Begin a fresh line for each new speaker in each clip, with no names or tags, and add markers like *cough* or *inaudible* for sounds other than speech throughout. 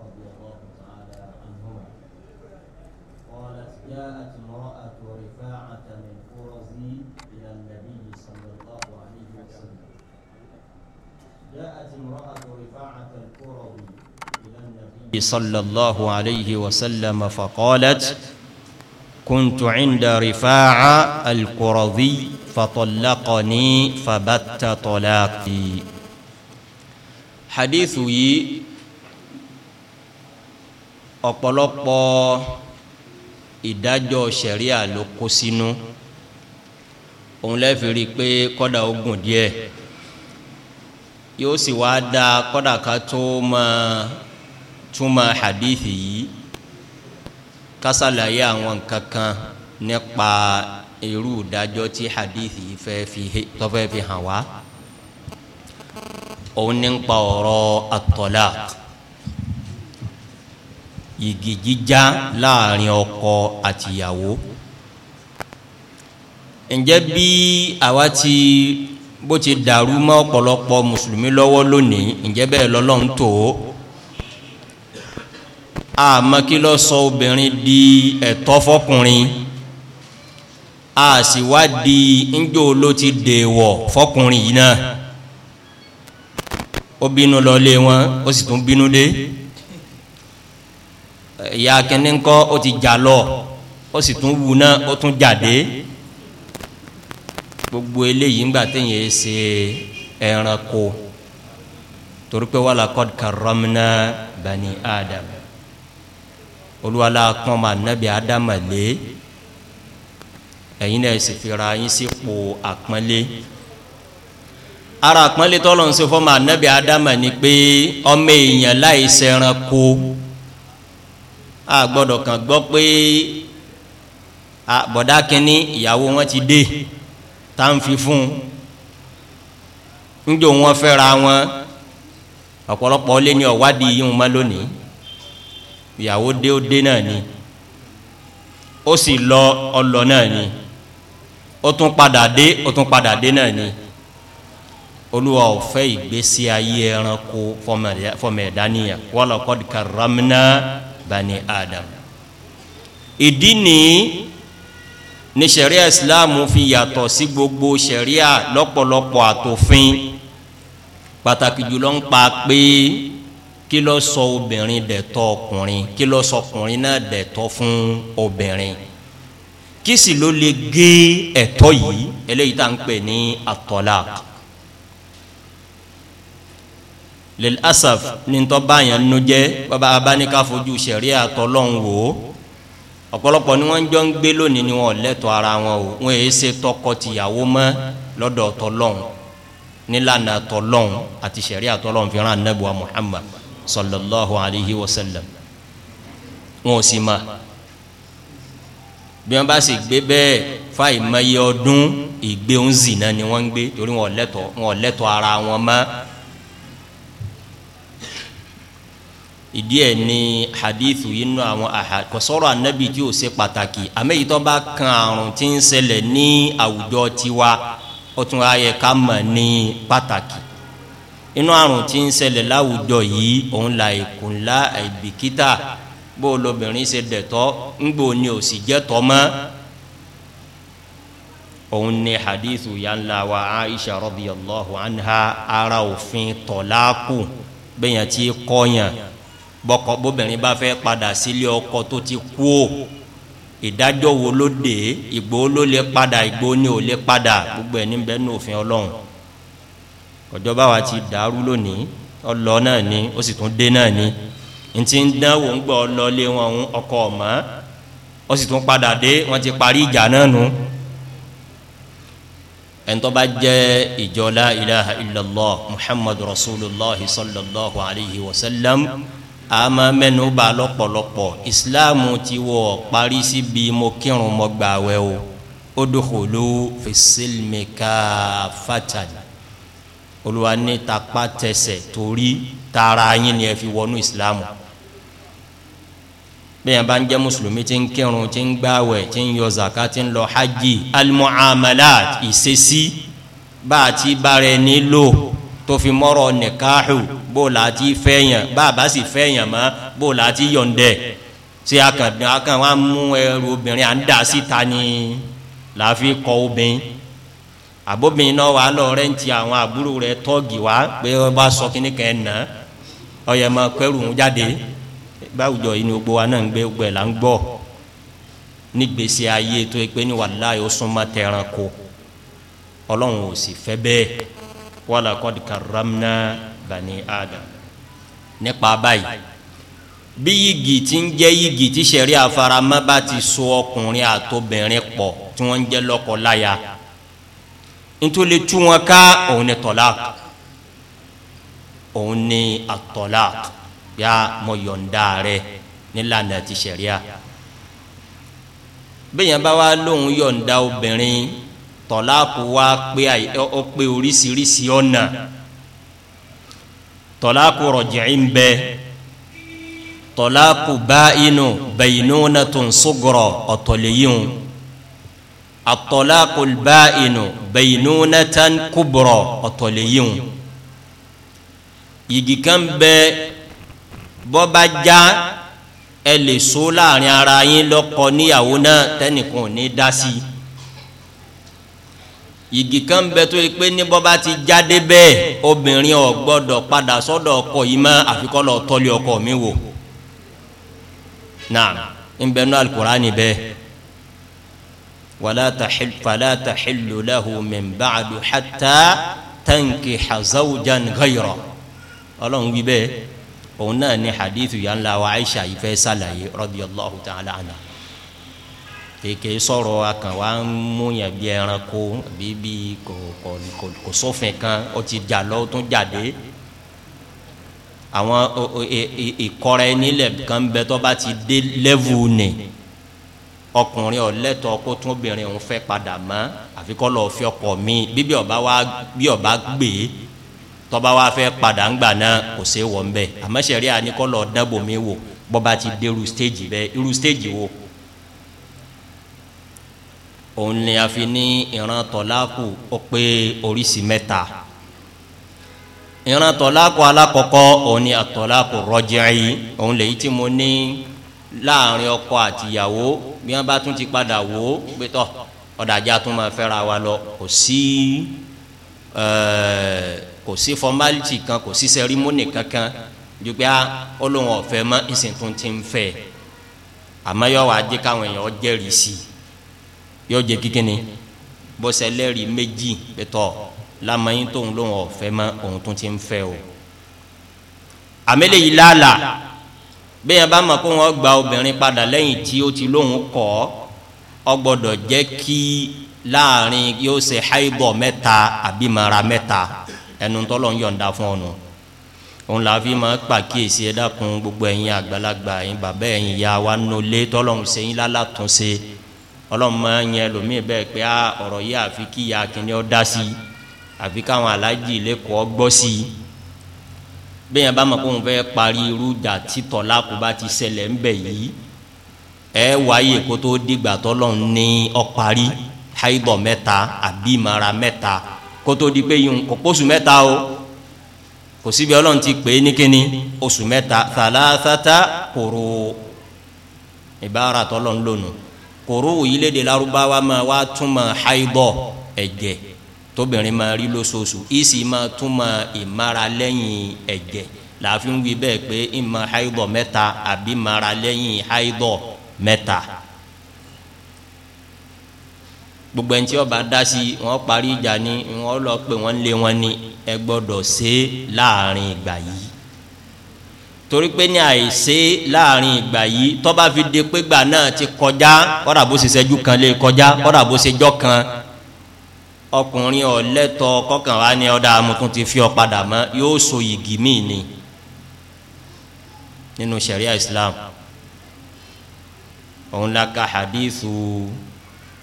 رضي الله تعالى قالت جاءت امرأة رفاعة إلى النبي صلى الله عليه وسلم جاءت امرأة رفاعة إلى النبي صلى الله عليه وسلم فقالت كنت عند رفاعة القرضي fatọlakọni fabatatọlaki hadithu yìí ọ̀pọ̀lọpọ̀ ìdájọ́ ṣẹ̀ríà ló kó sínú òun lẹ́ẹ̀fi rí i pé kọ́dà ó gùn díẹ̀ yóò sì wáá da kọ́dà ká tó máa túmọ̀ hadithi yìí kásálàyé àwọn kankan nípa irú ìdájọ́ tí hadithi fẹ́ fi tọ́fẹ́ fi hàn wá òun ní ń pa ọ̀rọ̀ at-talaq yìgì jíjá láàrin ọkọ àtìyàwó ǹjẹ́ bí àwa ti bó ti dàrú mọ́ ọ̀pọ̀lọpọ̀ mùsùlùmí lọ́wọ́ lónìí ǹjẹ́ bẹ́ẹ̀ lọ́lọ́run tó àmọ́ kí ló sọ obìnrin di ẹ̀tọ́ fọkùnrin a sì wá ló ti dèèwọ̀ fọkùnrin yìí náà ó bínú lọlé wọn ó sì tún bínú dé ìyá akẹ́ni ńkọ́ ó ti jà lọ ó sì tún wù náà ó tún jáde gbogbo eléyìí ńgbà téèyàn e ṣe ẹranko torí pé wàhálà kọ́d karamna bani adam olúwa la kàn máa nàbí adama lé ẹ̀yin náà sì fi ra yín sípò àpọ́nlé ara àpọ́nlé tọ́lọ̀ ń ṣe fọ́mọ anábì ádámà ni pé ọmọ èèyàn láì ṣẹranko a gbọ́dọ̀ kàn gbọ́ pé bọ̀dá ìyàwó wọn ti dé tá ń fi fún un ń jò wọn fẹ́ra wọn ọ̀pọ̀lọpọ̀ lé ní ọ̀wádìí yìí wọn lónìí ìyàwó dé ó dé náà ni ó sì lọ ọlọ náà ni. Lo, ó tún padà dé ó tún padà dé náà ni olúwa ò fẹ́ ìgbésí ayé ẹranko fọmọ ẹ̀dá nìyà wọ́n lọ́kọ́ karamna bani adam ìdí nìyí ni sẹ̀ríà ìsìláàmù fi yàtọ̀ sí gbogbo sẹ̀ríà lọ́pọ̀lọpọ̀ àtòfin pàtàkì jùlọ ń pa pé kí ló sọ obìnrin dẹ̀tọ̀ ọkùnrin kí ló sọ ọkùnrin náà dẹ̀tọ̀ fún obìnrin kìsì ló lè gé ẹ̀tọ́ yìí eléyìí tá à ń pè ní at-talaq lil asaf ní tọ́ báyàn nu jẹ́ bàbá fojú sẹ̀ríà tọ́lọ́hún wò ó ni wọ́n jọ ń gbé lónìí ni wọ́n lẹ́tọ̀ ara wọn o wọ́n èé ṣe tọkọ-tìyàwó mọ́ lọ́dọ̀ tọ́lọ́hún nílànà tọ́lọ́hún àti sẹ̀ríà tọ́lọ́hún fi rán Muhammad sallallahu alayhi wa sallam wọn ò sì máa bí wọn bá sì gbé bẹ́ẹ̀ fáìmọye ọdún ìgbé ń zìnà ni wọn ń gbé torí wọn lẹtọ wọn lẹtọ ara wọn mọ. ìdí ẹ ní hadithu yìí nù àwọn àkọsọrọ anabi tí ó ṣe pàtàkì àmẹyìítọ bá kan àrùn tí ń ṣẹlẹ̀ ní àwùjọ tiwa ó tún ayẹ ká mọ̀ ní pàtàkì inú àrùn tí ń ṣẹlẹ̀ láwùjọ yìí òun là ìkùnlá àìbìkítà bó lobìnrin ṣe dẹ̀tọ́ ńgbò ni ò sì jẹ́ tọ́ mọ́ òun ni hadithu yanla wa aisha radiyallahu anha ara òfin tọ̀láàkù bẹ́yàn tí kọ́yàn bọ́kọ bóbìnrin bá fẹ́ padà sílé ọkọ tó ti kú o ìdájọ́ wo ló dé ìgbó ló lè padà ìgbó ni ò lè padà gbogbo ẹ̀ níbẹ̀ ní òfin ọlọ́run ọjọ́ báwa ti dàrú lónìí ọlọ́ náà ni ó sì tún dé náà ni ntí ń dánwò ń gbọ́ lọlé wọn ń ọkọ ọ̀mọ́ ó sì tún padà dé wọ́n ti parí ìjà náà nù. ẹ̀ńtọ́ bá jẹ́ ìjọ la ilaha illallah Muhammad rasulillah sallallahu alayhi wa sallam àmọ́ mẹ́nu bá lọ́pọ̀lọpọ̀ ìsìláàmù ti wọ̀ parí síbi mo kírun mo gbàwẹ̀ o ó dòkòló fèsìlmẹ́ká fàtàlì olùwà ní tapá tẹsẹ̀ torí tara yín ni ẹ fi wọnú ìsìláàmù. bẹ́ẹ̀ bá ń jẹ́ mùsùlùmí tí ń kírun tí ń gbáwẹ̀ tí ń yọ zaka tí ń lọ hajj almuamalat ìṣesí bá a ti bára ẹni lò tó fi mọ́rọ̀ nìkaahu bó la ti fẹ́yàn bá a bá sì fẹ́yàn mọ́ bó la ti yọ̀ǹdẹ̀ ṣé akàndé akàn wa mú ẹrù obìnrin à ń dà síta ni obìnrin àbóbìnrin náà wà lọ ń ti àwọn àbúrò wá pé báwùjọ yìí ni gbogbo wa náà ń gbé gbogbo ẹ̀ là ń gbọ́ nígbèsè ayé tó yẹ pé ní wàláyé ó súnmọ́ tẹran kó ọlọ́run ò sì fẹ́ bẹ́ẹ̀ wàlá kọ́dí karamna bani adam nípa báyìí bí yìgì tí ń jẹ́ yìgì tí sẹ̀rí àfaramọ́ bá ti so ọkùnrin àtobìnrin pọ̀ tí wọ́n ń jẹ́ lọ́kọ nítorí tú wọn ká òun ni tọ́lá òun ni àtọ́lá pé a mọ yọ̀ǹda rẹ nílànà ti sẹ̀ríà bẹ́ẹ̀yàn bá wá lóun yọ̀ǹda obìnrin tọ̀láàkù wá pé ó pé oríṣiríṣi ọ̀nà tọ̀láàkù rọ̀jẹ̀ ń bẹ tọ̀láàkù bá inú bẹ̀yìnú náà tó ń sọ̀gọ̀rọ̀ ọ̀tọ̀lẹ́yìn atọ̀láàkù bá inú bẹ̀yìnú náà tó ń kúbọ̀rọ̀ kan bẹ́ẹ̀ bọ́ba já ẹ lè so láàrin ara yín lọ́kọ níyàwó náà tẹ́nìkan ò ní dá sí i igi kan bẹ tó yẹ pé ní bọ́ba ti jáde bẹ́ẹ̀ obìnrin ò gbọ́dọ̀ padà sọ́dọ̀ ọkọ yìí mọ́ àfikọ́ lọ tọ́lé ọkọ mi wò naam nbẹ nọ alukurani bẹ́ẹ̀ wala tahil fala tahillu lahu min ba'du hatta tankiha zawjan ghayra Ọlọ́run wí bẹ́ẹ̀ òun náà ni hadithu yà ń la wa aisha yìí fẹ́ sàlàyé radiyallahu ta'ala anha kèké sọ̀rọ̀ akàn wa ń mú yàn bí ẹranko bíbí kò kò kò sófin kan ó ti jà lọ ó tún jáde àwọn e, e, ìkọrẹ nílẹ̀ kan bẹ tó bá ti dé lẹ́vù nì ọkùnrin ọ̀lẹ́tọ̀ kó tún obìnrin òun fẹ́ padà mọ́ àfikọ́ lọ́ọ́ fi ọkọ̀ mi bíbí ọba wa bí ọba gbé e tọba wa fẹ́ padà ń gbà náà kò sí wọ̀ nbẹ àmọ́ sẹ̀rí àníkọ́lọ̀ dábò mi ti dé irú stéèjì bẹ́ẹ̀ irú stéèjì wo. òun ni a fi ní ìran tọ́láàkù ó pé oríṣi mẹ́ta ìran tọ́láàkù alákọ̀ọ́kọ́ òun ni àtọ́láàkù rọ́jìrì òun lèyí tí mo ní láàrin ọkọ àtìyàwó bí wọn bá tún ti padà wò ó pé tọ ọ̀dàjà tún máa fẹ́ra wa lọ kò sí ẹ̀ẹ́ kò sí formality kan kò sí sẹrimóni kankan ju pé ah, ọlọ́wọ́n ọ̀fẹ́ mọ́ ìsìnkún ti ń fẹ́ àmọ́ yọ wá dé káwọn èèyàn jẹ́rìí sí i yọ jẹ́ kíkíni bọ́sẹ̀ lẹ́rìí méjì pẹ̀tọ́ lamẹ́yìn tóun lóun ọ̀fẹ́ mọ́ òun tún ti ń fẹ́ o àmẹ́lẹ́ yìí lálàá bẹ́ẹ̀ bá mọ̀ kó wọ́n gba obìnrin padà lẹ́yìn tí ó ti lóun kọ́ ọ gbọ́dọ̀ jẹ́ kí láàrin yóò ṣe háìbọ̀ mẹ́ta àbí mara mẹ́ta ẹnu tọ́lọ̀ ń yọ̀ǹda fún ọ̀nà òun là fi máa pàkíyèsí ẹ dákun gbogbo ẹ̀yin àgbàlagbà ẹ̀yin bàbá ẹ̀yin ìyá wa nù lé tọ́lọ̀hún sẹ́yìn lálàtúnṣe ọlọ́run máa ń yẹn lòmíì bẹ́ẹ̀ pé a ọ̀rọ̀ yìí àfi kí ìyá akíní ọ́ dá sí i àfi káwọn aláàjì lẹ́kọ̀ọ́ gbọ́ sí i bẹ́ẹ̀ yẹn bá mọ̀ kóun fẹ́ parí irú ìjà títọ̀ lákò bá ti ṣẹlẹ̀ ńbẹ̀ yìí ẹ wáyé kó dìgbà tọ́lọ́run ní ọ parí háìdọ̀ mẹ́ta àbí ìmọ̀ra mẹ́ta kótó di pé yìí kò pósù mẹ́ta o kò síbi ọlọ́run ti pè é ní kíni oṣù mẹ́ta thalathata kòrò ìbára tọ́lọ̀ ń lónìí kòrò òyìnlẹ́dẹ̀ larubawa máa wá túmọ̀ haibọ̀ ẹ̀jẹ̀ tóbìnrin máa rí lóṣooṣù ìsì máa túmọ̀ ìmara lẹ́yìn ẹ̀jẹ̀ làáfin wí bẹ́ẹ̀ pé ìmọ̀ haibọ̀ mẹ́ta àbí mara lẹ́yìn gbogbo ẹni tí ọba dá sí wọn parí ìjà ni wọn lọ pé wọn lé wọn ni ẹ gbọ́dọ̀ ṣe láàrin ìgbà yìí torí pé ní àìṣe láàrin ìgbà yìí tọ́ba fi de pé gbà náà ti kọjá kọ́dà bó ṣe ṣẹ́jú kan lè kọjá kọ́dà bó ṣe jọ́ kan ọkùnrin ọ̀lẹ́tọ̀ kọ́kàn wá ọ̀dà amutun ti fi ọ padà mọ́ yóò so yìgì míì ni nínú sharia islam òun la ka hadithu.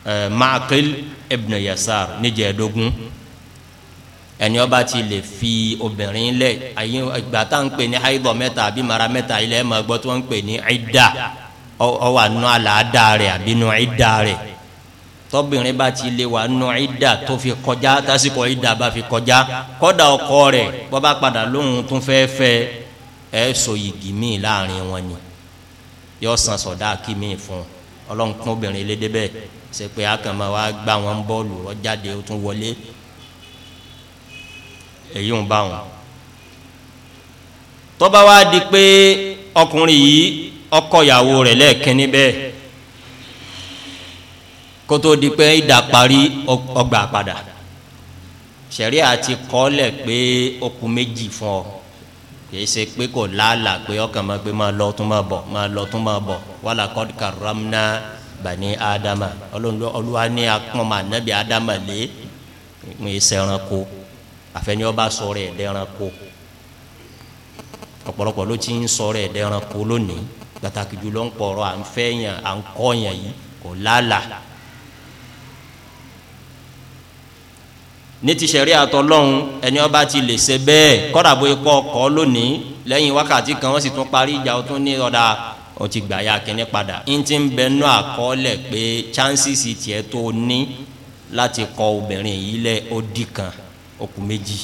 Eh, maakil ibn yasar níjẹ̀ẹ́dógún ẹni ọba ti lè fi obìnrin lẹ ayé ìgbà tá ń pè ní haidọ mẹ́ta àbí mara mẹ́ta ilẹ̀ ẹ̀ máa tí wọ́n ń pè ní ida ọwà nù àlàáda rẹ̀ àbí nù ida rẹ̀ tọ́bìnrin bá ti le wà nù ida tó fi kọjá tásìkò ida bá fi kọjá kọ́dà ọkọ rẹ̀ bọ́bá padà lóhun tún fẹ́ fẹ́ ẹ̀ sọ yìgì míì láàrin wọn ni yọ san sọ̀dá kí míì fún ọlọ́nkún obìnrin lédè bẹ́ẹ̀ ṣe pé akànmọ wa gbá wọn bọ́ọ̀lù ọjáde ó tún wọlé èyí ń bá wọn. tọ́ba wa di pé ọkùnrin yìí ọkọ ìyàwó rẹ̀ lẹ́ẹ̀kínní bẹ́ẹ̀ kótó di pé ìdá parí ọgbà padà sẹ̀rí àti kọ́lẹ̀ pé okùn méjì fún ọ kì í ṣe pé kò láàlà pé ọkàn máa gbé máa lọ tún máa bọ̀ máa lọ tún máa bọ̀ wàlàkọ́dì kàrámnà bani adama olúwa ní akpọ́n ma nabi adama lé ń sẹ́ran ko àfẹ́ni ọba sọ̀rọ̀ ẹ̀ dẹ́ran ko ọ̀pọ̀lọpọ̀ ló ti ń sọ̀rọ̀ ẹ̀ dẹ́ran ko lónìí pàtàkì jùlọ ń pọ̀rọ̀ à ń fẹ́ yàn à ń kọ́ yàn yìí kò lálà. ní ti sẹ̀rí àtọ́lọ́hún ẹni ti lè ṣe bẹ́ẹ̀ kọ́dà bó ikọ́ lónìí lẹ́yìn wákàtí kan wọ́n sì tún parí ìjà ọtún ní ọ̀dà o ti gbà ya kínní padà n ti bẹ nú àkọọ́lẹ̀ pé chances tiẹ̀ tó ní láti kọ obìnrin yìí lẹ̀ ó di kan okùn di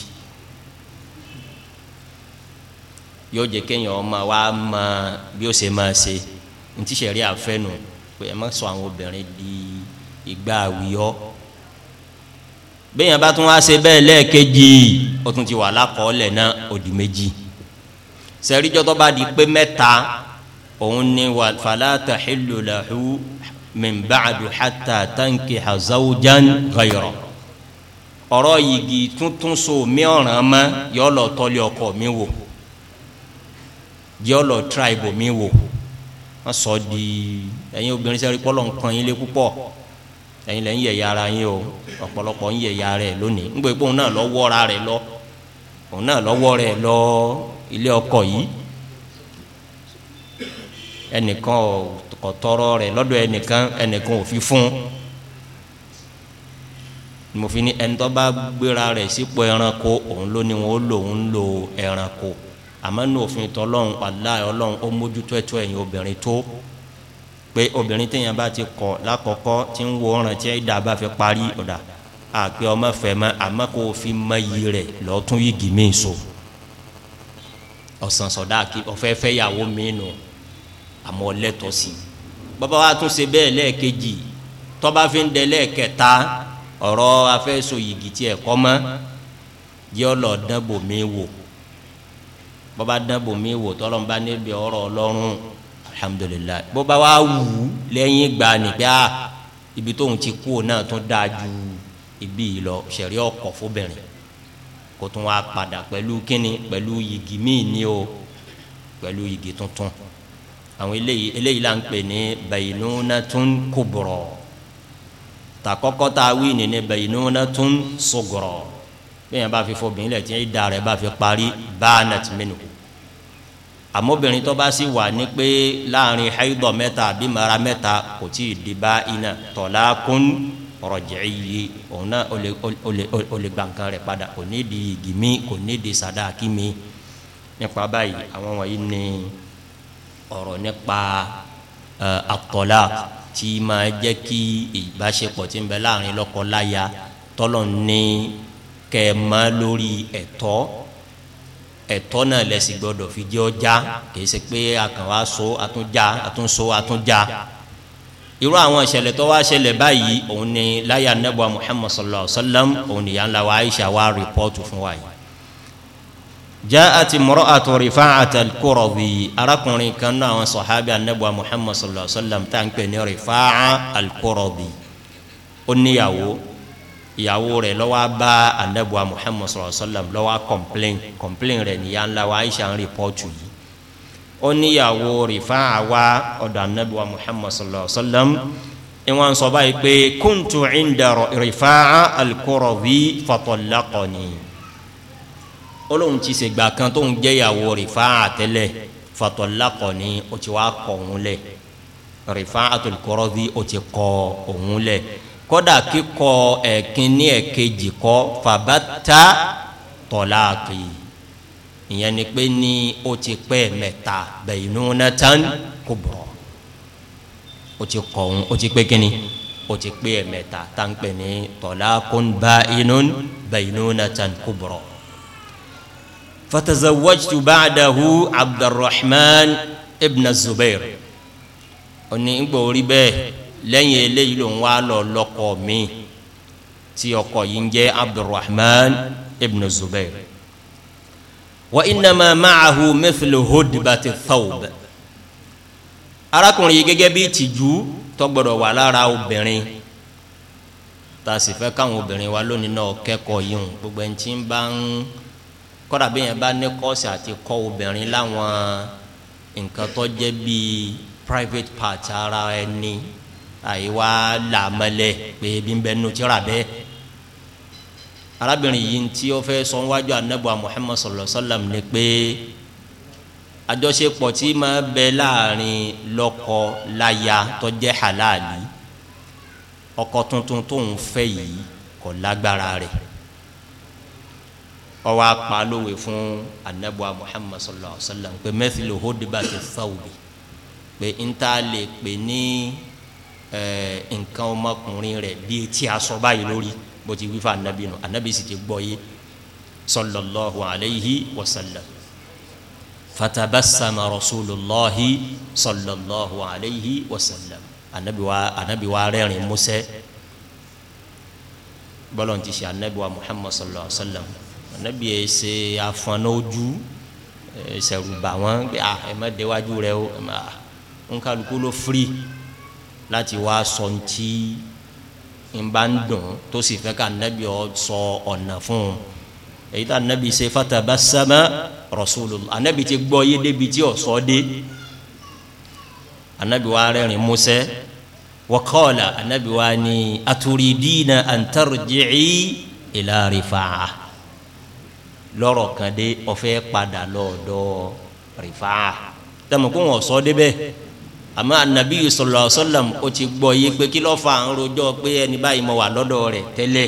yóò jẹ kéèyàn ọmọ wa mọ bí o ṣe máa ṣe ntí sẹ̀rí àfẹnù pé ẹ má sọ àwọn obìnrin di ìgbà àwíyọ́ bẹ́ẹ̀yàn bá tún wá bẹ́ẹ̀ lẹ́ẹ̀kejì ó tún ti wà lákọọ́lẹ̀ náà ó di méjì sẹ̀ríjọ́ tó bá di pé mẹ́ta òun ni wà fàlàtà xìlùlàhù mìbàdù hàtà tànkì hazawjan ghayra ọ̀rọ̀ yìgì tuntun so mi ọ̀ràn ma yọ lọ tọ́lé ọkọ mi wò yọ lọ tribe mi wò wọ́n sọ di ẹ̀yin obìnrin sẹ́rí pọ́lọ́ nǹkan yín lé púpọ̀ ẹ̀yin lẹ́yìn yẹ̀yà ara yín o ọ̀pọ̀lọpọ̀ ń yẹ̀yà rẹ̀ lónìí ńgbẹ́ pé òun náà lọ wọ́ra rẹ̀ lọ òun náà lọ wọ́ rẹ̀ lọ ilé ọkọ yìí ẹnìkan ò tọrọ rẹ̀ lọ́dọ̀ ẹnìkan ẹnìkan ò fi fún mo fi ní ẹni tó bá gbéra rẹ̀ sípò ẹranko òun ló ní wọn ó lò òun lò ẹranko àmọ́ ní òfin tọ́lọ́run Allah ọlọ́run ó mójútó ẹ̀tọ́ ẹ̀yin obìnrin tó pé obìnrin téèyàn bá ti kọ̀ lákọ̀ọ́kọ́ tí ń wo ọ̀ràn tí ẹ̀dá bá fi parí ọ̀dà àpè ọmọ fẹ́ mọ́ àmọ́ kó o fi mọ iyì rẹ̀ lọ́tún yìí gì mí so ọ̀sán sọ̀dá ọ̀fẹ́ fẹ́ yàwó mi nù. No àmọ́ lẹ́tọ̀ sí i bàbá wa tún ṣe bẹ́ẹ̀ lẹ́ẹ̀kejì tọ́ba fi ń dẹ lẹ́ẹ̀kẹta ọ̀rọ̀ afẹ́so yìgì tiẹ̀ kọ́ mọ́ yọ lọ dánbò mi wò bàbá dánbò mi wò tọ́lọ́mùbá níbi ọ̀rọ̀ ọlọ́run alhamdulilayi bàbá wa wù ú lẹ́yìn ìgbà nígbà ah, ibi tóun ti kú náà tún dáa ju ibi yìí lọ sẹ̀rí ọkọ̀ fóbìnrin kó tún wá padà pẹ̀lú kínní pẹ̀lú yìgì míì ní o pẹ̀lú yìgì tuntun àwọn eléyìí eléyìí là ń pè ní baynunatun kubra takọkọ tá a wí ni ní baynunatun sugra bẹ́ẹ̀ bá fi fọbìnrin lẹ̀ tí ń da rẹ̀ bá fi parí banat minhu àmọ́bìnrin tó bá sì wà ní pé láàrin haidọ̀ mẹ́ta àbí mara mẹ́ta kò tí ì di bá iná talaqun raj'i òun náà ó lè gba nǹkan rẹ̀ padà kò ní di igi mi kò ní di sàdáàkì mi nípa báyìí àwọn wọ̀nyí ni. Ni ọ̀rọ̀ nípa àtọ̀lá tí máa jẹ́ kí ìbáṣepọ̀ tí ń bẹ láàrin lọ́kọ-láya tọ́lọ̀ ní kẹ́ ẹ má lórí ẹ̀tọ́ ẹ̀tọ́ náà lẹ́sìn gbọ́dọ̀ fi jẹ́ ọjà kìí ṣe pé akànwá so àtúnjà àtúnso àtúnjà irú àwọn ìṣẹ̀lẹ̀ tó wá ṣẹlẹ̀ báyìí òun ni láyà nebà Muhammad sallallahu alaihi wa sallam òun nìyà ńlá wa Aisha wa rìpọ́ọ̀tù fún wa yìí jaati mura'atu rifa'at al-qurazi arákùnrin kan náà àwọn sọ̀hábì anabu muhammad sallallahu alaihi wa sallam tá à ń pè ní rifa'a al-qurazi ó níyàwó ìyàwó rẹ̀ ló wá bá anabu muhammad sallallahu alaihi wa sallam ló wá complain complain rẹ̀ níyà ńlá wa aisha ń rìpọ́tù yìí ó níyàwó rifa'a wá ọ̀dọ̀ anabu muhammad sallallahu alaihi wa sallam ìwọ̀n sọ báyìí pé kuntu inda rifa'a al-qurazi fa ó lóun ti ṣègbà kan tóun jẹ́ ìyàwó Rifáà tẹ́lẹ̀ fatọ́lákọ̀ ni ó ti wá kọ̀ òun lẹ̀ Rifáàtul Quradi ó ti kọ̀ òun lẹ̀ kódà kíkọ ẹ̀kínní ẹ̀kejì kọ́ fàbátà tọ́láàkì ìyẹn ni pé ní ó ti pẹ́ mẹ́ta baynunatan kubra ó ti kọ̀ òun ó ti pé kínní ó ti pé mẹ́ta tá ń pè ní tọ́láàkùn ba'inun baynunatan kubra. فتزوجت بعده عبد الرحمن ابن الزبير. ìgbà orí bẹ́ẹ̀ lẹ́yìn eléyìí ló ń wá lọ lọ́kọ mi tí ọkọ yìí ń jẹ́ abdulrahman ibn zubair wa innama ma'ahu mithlu hudbati thawb arákùnrin yìí gẹ́gẹ́ bí tìjú tó gbọ́dọ̀ wà lára obìnrin tá a sì fẹ́ káwọn obìnrin gbogbo ẹni tí ń kọ́dà bí yẹn bá ní kọ́ọ̀sì àti kọ́ obìnrin láwọn nǹkan tó jẹ́ bíi private part ara ẹni àyíwá làmọ́lẹ̀ pé bí n bẹ́ẹ̀ nu tíra bẹ́ẹ̀ arábìnrin yìí tí ó fẹ́ sọ wájú anábọ̀ Muhammad sallallahu alaihi wasallam ni pé àjọṣepọ̀ tí máa bẹ láàrin lọ́kọ láya tó jẹ́ halali ọkọ tuntun tóun fẹ́ yìí kò lágbára rẹ̀ ọwọ́ apá lówe fún anabuwa muhammad sallallahu alaihi wa sallam pé mẹ́tìlì hódìbà ti fáwùlì pé n ta lè pè ní nǹkan ọmọkùnrin rẹ̀ bí etí aṣọ báyìí lórí bó ti wí fún anabi nù anabi sì ti gbọ́ yé sallallahu alaihi wa sallam fatabasama rasulillahi sallallahu alaihi wa sallam anabi wa rẹ́rìn músẹ́ bọ́lọ̀ ti ṣe anabi muhammad sallallahu alaihi wa sallam anabi yẹ ṣe afọnọdzu ṣẹrùbà wọn gbé a ẹ má déwájú rẹ o nkaluku ló firi láti wá sọ ntí n bá ń dùn tó sì fẹ́ ká anabi ọ sọ ọ̀nà fún un èyí tá anabi ṣe fatabassama rasulullah anabi ti gbọ́ yé débi tí ọ̀ dé anabi wa rẹ́rìn músẹ́ waqala anabi wa ni aturidina an tarji'i lọ́rọ̀ kan dé ọ̀fẹ́ padà lọ́ọ̀dọ̀ rìfà tẹmọ kó wọn sọ débẹ̀ àmọ́ anabi sọlọ sọlọm o ti gbọ́ yé pé kí lọ́ọ́ fa àwọn rojọ́ pé ẹni báyìí mo wà lọ́dọ̀ rẹ̀ tẹ́lẹ̀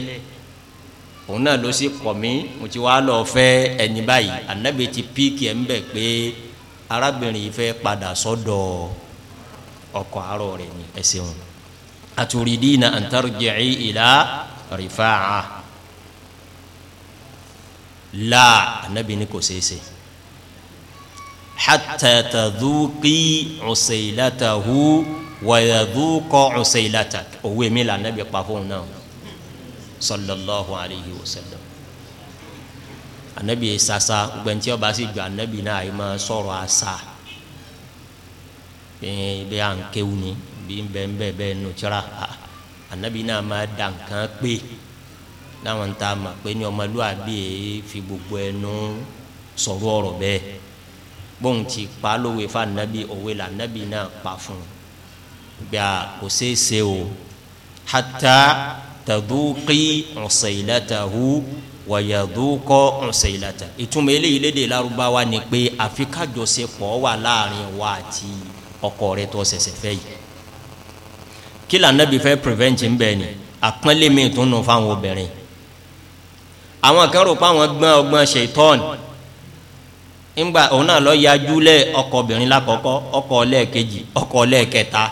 òun náà ló sì kọ̀ mo ti wá lọ́ọ́ fẹ́ ẹni báyìí anabi ti píìkì ẹ̀ ń pé arábìnrin yìí fẹ́ padà sọ́dọ̀ ọkọ àárọ̀ rẹ̀ ni ẹ ṣeun àtúrídìí na àǹtàrùjẹ̀ ìlà rìfà á láà anabi ni kò ṣeé ṣe hatta tadhuqi usailatahu wa yadhuqa usailatak owó èmi là anabi pa fóun náà sallallahu alayhi wa sallam anabi sasa gbẹ̀ntì ọba sì ju anabi náà yìí máa sọ̀rọ̀ àṣà bí à ń ni bí bẹ́ẹ̀ bẹ́ẹ̀ nù anabi náà máa dà nǹkan láwọn tá a mọ̀ pé ní ọmọlúwàbí yìí fi gbogbo ẹnu sọ̀rọ̀ ọ̀rọ̀ bẹ́ẹ̀ bóun ti pa lówe fa nàbí òwe là nàbí náà pa fún un gbà kò ṣeé ṣe o hatta tadúkì usailatahu wàyàdúkọ usailata ìtumọ̀ eléyìí lédè lárúbáwá ni pé àfi kájọṣepọ̀ wà láàrin wa àti ọkọ rẹ tó ṣẹ̀ṣẹ̀ fẹ́ yìí kí là nàbí fẹ́ prevent ń ni àpọ́nlé mi tún nù fáwọn obìnrin àwọn kan rò pé àwọn gbọ́n ọgbọ́n ṣètọ́n ńgbà òun náà lọ yajú lẹ ọkọ obìnrin lákọ̀ọ́kọ́ ọkọ lẹ́ẹ̀kejì ọkọ lẹ́ẹ̀kẹta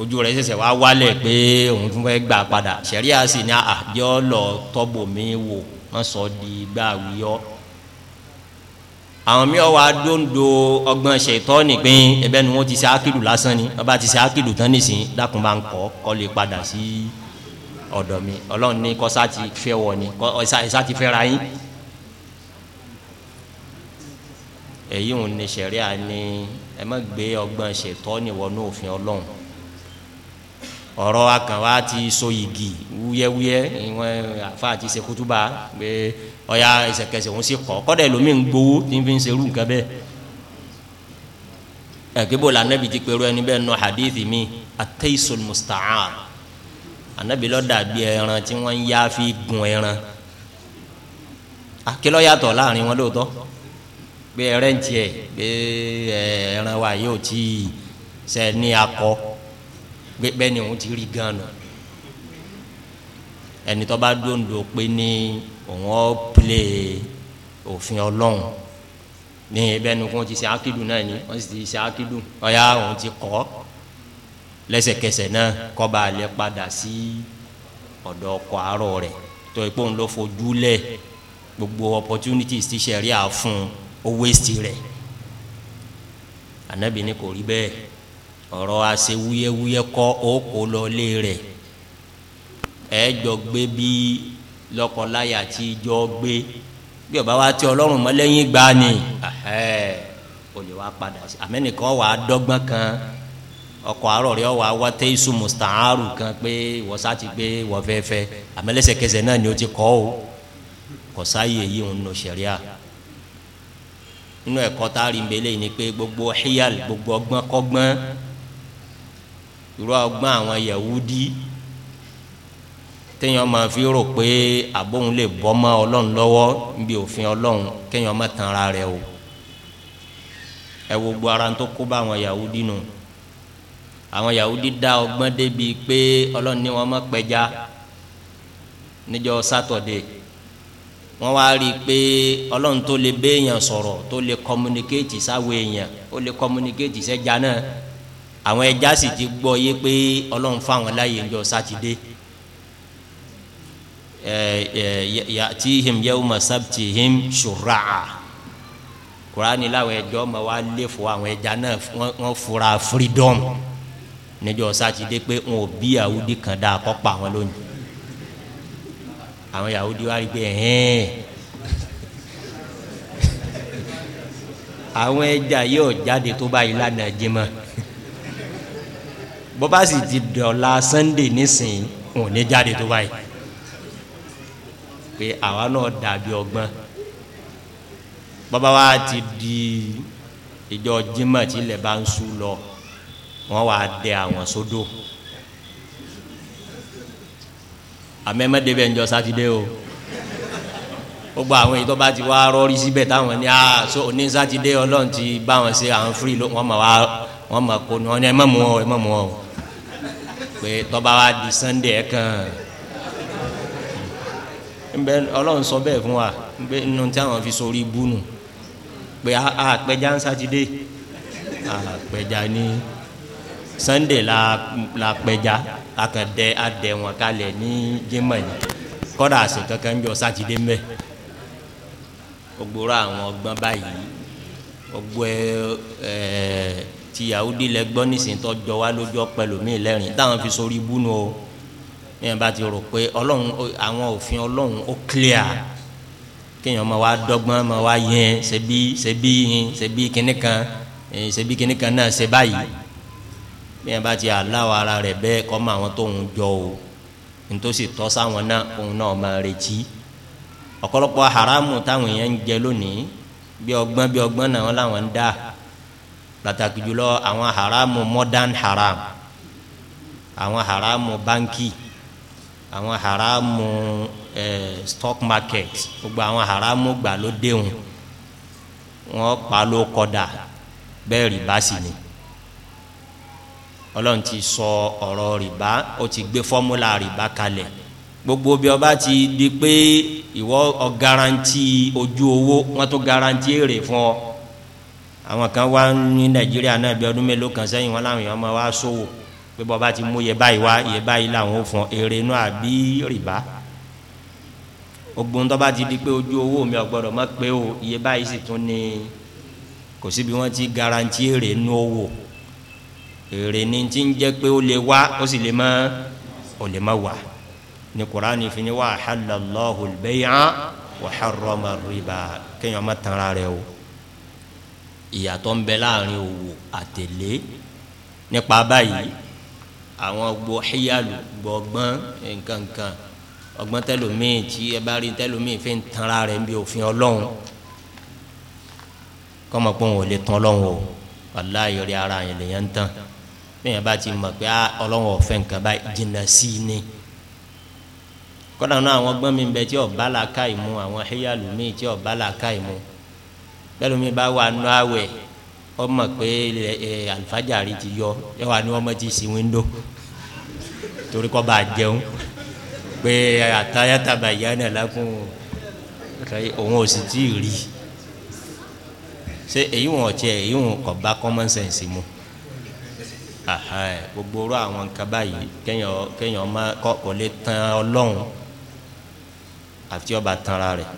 ojú rẹ̀ ṣẹ̀ṣẹ̀ wá wálẹ̀ pé òun tún fẹ́ gbà padà sẹ̀ríà sì ní àjọ lọ tọ́bò mi wò wọ́n sọ di gbà wíyọ́ àwọn mi wá dondo ọgbọ́n ṣètọ́ nìpín ẹbẹ́ ni wọ́n ti ṣe ákìlù lásán ni wọ́n bá ti ṣe ákìlù tán nìsín dákun bá ń kọ́ kọ́ lè padà sí. Si ọ̀dọ̀ mi ọlọ́run ní kọ́sá ti fẹ́ wọ ni kọ́sá ti fẹ́ yín. èyí ń ní sẹ̀ríà ni ẹ má gbé ọgbọ́n ṣètọ́ ni wọnú òfin ọlọ́run ọ̀rọ̀ akànwá ti so igi wúyẹ́wúyẹ́ ìwọ̀n àfa àti ṣekútúbà pé ọ̀ya ìṣẹ̀kẹsẹ̀ òun sì kọ́ kọ́dẹ̀ lómi ń gbowó tí ń fi ń serú nǹkan bẹ́ẹ̀ ẹ̀kíbò lànà ibi ti pẹ̀lú ẹni bẹ́ẹ̀ nù hadithi mi ateisul musta'an anabi ló dàbí ẹran tí wọ́n yá fi gun ẹran akílọ̀ yàtọ̀ láàrin wọn lóòótọ́ pé ẹran tiẹ̀ pé ẹran wa yóò tí sẹ ní akọ pé bẹ́ẹ̀ ni òun ti rí gan nù ẹni bá dòǹdò pé ní òun ọ́ pilẹ̀ òfin ọlọ́run ní ẹbẹ́ nu ti ṣe akídùn náà ni wọ́n sì ti ṣe akídùn ọ̀ya òun ti kọ́ lẹ́sẹ̀kẹsẹ̀ náà kọ́ba alẹ́ padà sí ọ̀dọ̀ ọkọ̀ àárọ̀ rẹ̀ tó ipò ń lọ fojú lẹ̀ gbogbo opportunities ti sẹ̀rí àfún ó waste rẹ̀ anabi ni kò rí bẹ́ẹ̀ ọ̀rọ̀ ase wúyẹ́wúyẹ́ kọ́ ó kó lọ lé rẹ̀ ẹ jọ gbé bí lọ́kọláya tí jọ gbé bí ọba wa ti ọlọ́run mọ́ lẹ́yìn gbani ó lè wá padà sí amẹ́nìkan wà á dọ́gbọ́n kan ọkọ̀ àárọ̀ rẹ̀ wà wá tẹ́sù mùsàárù kan pé wọ́sá ti gbé wọ́fẹ́fẹ́ àmẹ́lẹ́sẹ̀kẹsẹ̀ náà ni ó ti kọ́ o kò sáyè yìí ń nu sẹ̀ríà nínú ẹ̀kọ́ tá a rí mbẹ́lẹ́ yìí ni pé gbogbo hiyal gbogbo ọgbọ́n kọ́gbọ́n irú ọgbọ́n àwọn yahudi téèyàn máa fi rò pé àbóhun lè bọ́ mọ́ ọlọ́run lọ́wọ́ níbi òfin ọlọ́run kéèyàn má tan ara rẹ̀ o ẹ wo gbogbo ara tó kó bá àwọn yahudi nù. No àwọn Yahudi dá ọgbọ́n débi pé ọlọ́run ní wọn má pẹja níjọ́ sátọ̀dé wọ́n wá rí i pé ọlọ́run tó lè béèyàn sọ̀rọ̀ tó lè kọ́múnikéètì sáwọ èèyàn ó lè kọ́múnikéètì sẹ́ja náà àwọn ẹja sì ti gbọ́ yé pé ọlọ́run fáwọn láàyè níjọ́ sátidé yàtìhìm yawma sabtihim shurra'a kúránì láwọn ẹjọ́ ma wá lé fún àwọn ẹja náà wọ́n fura freedom. freedom níjọ́ sátidé pé n ò bí yahudi kan dáa kọ́ pa àwọn lónìí àwọn yahudi wá rí pé ẹ̀hẹ́n àwọn ẹja yóò jáde tó báyìí lánàá jimá bó bá sì ti dọ̀la sunday nísìnyí n ò ní jáde tó báyìí pé àwa náà dàbí ọgbọ́n bàbá wa ti di ìjọ jimá tí ilẹ̀ bá ń sú lọ wọ́n wá dẹ àwọn sódò àmẹ́mẹ́dẹ́ bẹ́ẹ̀ ń jọ sátidé o gbogbo àwọn èyí tó bá ti wá rọrí síbẹ̀ táwọn ní ah so ní sátidé ọlọ́run ti bá wọn ṣe àwọn firi ló wọ́n mọ̀ wá wọ́n mọ̀ kó ní wọn ní ẹ mọ̀ mú ọ ẹ mọ̀ mú ọ pé tọ́ba wa di sunday ẹ kàn nbẹ ọlọ́run sọ bẹ́ẹ̀ fún wa nbẹ nínú tí àwọn fi sori búnú pé àpẹja ah, ah, ń sátidé àpẹja ah, ní sunday la la pẹja akadẹ adẹ wọn kalẹ̀ ní jimani kódà àṣẹ kankan jọ sátidé mbẹ gbogbo àwọn ọgbọ́n báyìí gbogbo ẹ ti yahudi lẹ gbọ́ nísìnyítọ́ jọ wá lójọ́ pẹ̀lú mi lẹ́rìn táwọn fi sórí ibú nu o yẹn bá ti rò pé ọlọ́run àwọn òfin ọlọ́run ó clear kéèyàn máa wá dọ́gbọ́n máa wá yẹn ṣebí ṣebí yẹn ṣebí kìnnìkan ṣebí kìnnìkan náà ṣe báyìí bí yẹn bá ti aláwọ ara rẹ̀ bẹ́ẹ̀ kọ́ mọ àwọn tó ń jọ o nítòsí tọ́ sáwọn náà òun náà máa retí ọ̀pọ̀lọpọ̀ haramu táwọn yẹn ń jẹ lónìí bí ọgbọ́n bí ọgbọ́n náà wọn làwọn ń dá pàtàkì jùlọ àwọn haramu modern haram àwọn haramu banki, àwọn haramu ẹ stock market gbogbo àwọn haramu gbà ló déhùn wọn pa ló kọdà bẹ́ẹ̀ rìbá sì ni ọlọ́run ti sọ ọ̀rọ̀ rìbá ó ti gbé fọ́múlà rìbá kalẹ̀ gbogbo bí ọba ti di pé ìwọ ọ garanti ojú owó wọn tó garanti èrè fún ọ àwọn kan wá ní nàìjíríà náà bí ọdún mélòó kan sẹ́yìn wọn làwọn èèyàn máa wá sówò pé bọ́ba ti mú iye báyìí wá iye báyìí làwọn ò fún èrè inú àbí rìbá ogun tó ti di pé ojú owó mi ò gbọdọ̀ pé o iye báyìí sì tún ní kò síbi wọ́n ti garanti èrè inú owó èrè ni ti ń jẹ́ pé ó lè wá ó sì lè má ó lè má wá ní kuraani fi ni wà halalahu bẹ́yà wà harama riba kéèyàn má tara rẹ̀ o ìyàtọ̀ ń bẹ láàrin òwò àtẹ̀lé nípa báyìí àwọn gbọ́ híyàlù gbọ̀ngbọ́n nkankan ọgbọ́n tẹlomiin tí ẹ bá rí tẹlomiin fi ń tanra rẹ̀ ń bi òfin ọlọ́run kọ́mọ ò lè tán ọlọ́run o wàláyé rí ara yẹn lèyàn ń tán bẹ́ẹ̀ bá ti mọ̀ pé ah, ọlọ́wọ́ ọ̀fẹ́ nǹkan bá jìnnà sí i ni kọ́dà náà àwọn gbọ́n mi bẹ tí ọba la ká ìmú àwọn ẹ̀yàlú mi tí ọba la ká ìmú bẹ́ẹ̀ lómi bá wà nù awẹ̀ ọmọ pé ẹ eh, alifájàrí eh, ti yọ ẹ wà ní ọmọ ti sí wíńdò torí kọ́ bá jẹun pé eh, àtàyàtàbà yá náà lákùn òun ò sì tí ì rí ṣé èyí wọn ọ̀tí ẹ̀ èyí wọn kọ̀ bá common sense mu gbogbo orú àwọn nǹkan báyìí kéèyàn kéèyàn má kọ́ kò lè tan ọlọ́run àfi tí ọba tanra rẹ̀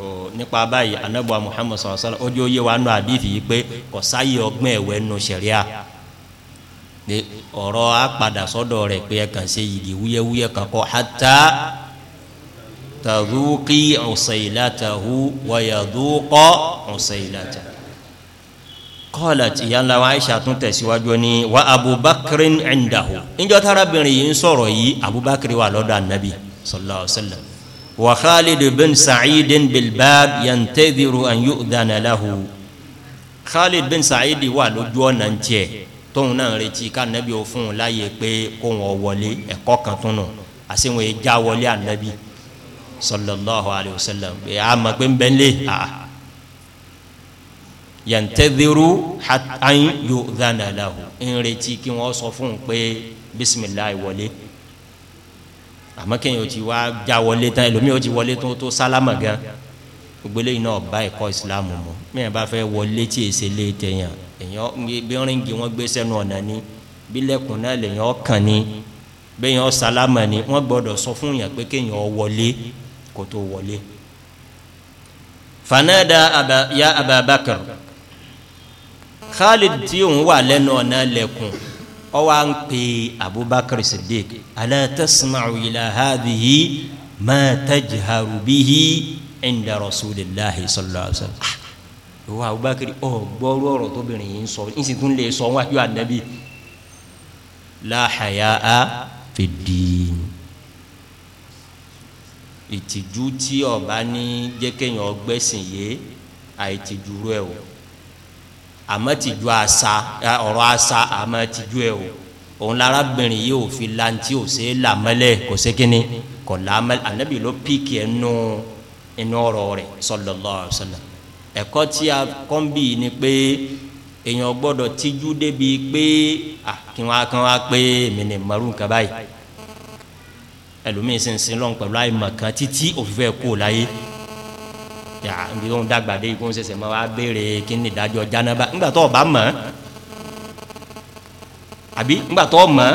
o nípa báyìí anabu muhammed sallallahu alaihi wa sallam ojú oyé wa nù àdìfì yìí pé kò sáyé ọgbọ́n ẹ̀wẹ́ nù sẹ̀ríà pé ọ̀rọ̀ á padà sọ́dọ̀ pé ẹ kàn ṣe yìgì wúyẹ́wúyẹ́ kan kọ́ hátà tàdúkì ọ̀sẹ̀ ìlàtàhù wàyàdúkọ̀ ọ̀sẹ̀ ìlàtà qalat ìyá ńlá wa aisha tún tẹ̀síwájú ni wa abubakar indahu níjọ́ tárábìnrin yìí ń sọ̀rọ̀ yìí abubakar wà lọ́dọ̀ anabi sallallahu alayhi wa sallam wa khalid bin sa'id bilbab yantadiru an yu'dana lahu khalid bin sa'id wà lójú ọ̀nà ń tiẹ̀ tóun náà retí ká anabi ò fún un láàyè pé kóun ọ̀ wọlé ẹ̀kọ́ kan tún nù àsìwọ̀n ìjà wọlé anabi sallallahu yantadiru hatan yu'dhana lahu ń retí kí wọ́n sọ fún un pé bisimilayi wọlé àmọ́ kéèyàn ti wá já wọlé tán ẹlòmíì ó ti wọlé tó tó sálámà gan gbélé iná ọba ẹ̀kọ́ ìsìlámù mu mẹ́yàn bá fẹ́ wọlé tí èsè lé tẹ̀yàn èyàn bí wọn gbé sẹ́nu ọ̀nà ni bílẹ̀kùn náà lèyàn ọkàn ni bẹ́yàn sálámà ni wọ́n gbọ́dọ̀ sọ fún yàn pé kéèyàn wọlé kó tó wọlé. fanada ya ababakar. Aba khalid tí òun wà lẹ́nu ọ̀nà lẹ́kùn ọwọ́ à ń pè abubakar siddiq ala tasma'u ila hadhihi ma tajharu bihi inda rasulillahi sallallahu alaihi wa sallam ah, ìwọ abubakar ọ gbọ́rú ọ̀rọ̀ tóbìnrin yìí ń sọ ń sì tún lè sọ wájú ànábì la hayaa fi diin ìtìjú tí ọba ní jẹ́kẹ̀yìn ọgbẹ́sìn yé àìtìjú rẹ̀ o àmọ́ tìjú àṣà ọ̀rọ̀ àṣà àmọ́ tìjú ẹ̀ o òun lárabìnrin yìí ò fi lantí ò ṣe é làmọ́lẹ̀ kò ṣe kínní kò làmọ́lẹ̀ ànábì ló píìkì ẹ̀ nù inú ọ̀rọ̀ rẹ̀ sallallahu alaihi tí a kọ́ń bì ní pé èèyàn gbọ́dọ̀ tíjú débi pé kí wọ́n á kán wá pé èmi ni mọ̀rú nǹkan báyìí ẹlòmíín sì ń sin lọ́n pẹ̀lú àìmọ̀ kan títí òfìfẹ́ kó o láyé Ya, ibi tó ń dàgbà dé ikú ń sẹsẹ mọ wá béèrè kí ni ìdájọ jánaba ńgbà tó ọba mọ àbí ńgbà tó mọ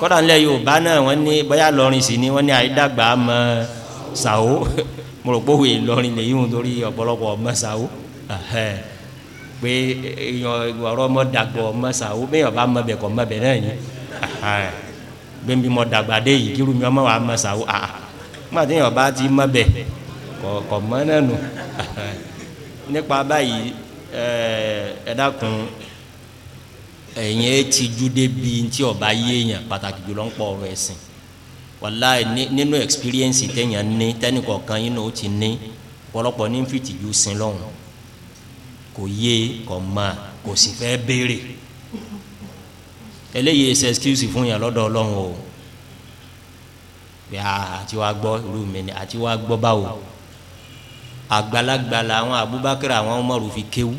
kọ́dà ńlẹ̀ yorùbá náà wọ́n ní ni wọ́n ní àìdàgbà mọ sàwó *laughs* mo rò pé òwe lọ́rin lèyí wọn torí ọ̀pọ̀lọpọ̀ mọ sàwó pé èèyàn ọ̀rọ̀ mọ dàgbọ̀ mọ sàwó bẹ́ẹ̀ ọba mọ bẹ̀ kọ́ mọ bẹ̀ náà ni gbẹ̀mí mọ dàgbà dé yìí kírun mi ọmọ wa mọ sàwó àà ńgbà tí èèyàn ọba ti mọ bẹ̀ kọ̀ mọ́ náà nù *laughs* nípa báyìí ẹ dákun ẹ̀yìn ẹ ti ju débi tí ọba yéèyàn pàtàkì jùlọ ń pọ̀ ọ̀rọ̀ ẹ̀sìn wàláì nínú experience téèyàn ní tẹ́nìkọ̀ọ̀kan yín náà ó ti ní pọ̀lọpọ̀ ní fìtìjú sin lọ́hùn kò yé kò mọ̀ kò sì fẹ́ béèrè eléyìí ṣe excuse fún yàn lọ́dọ̀ ọlọ́run o àti wàá gbọ́ irú mi ni àti wàá gbọ́ báwo àgbàlagbà làwọn abubakar àwọn umaru fi kéwú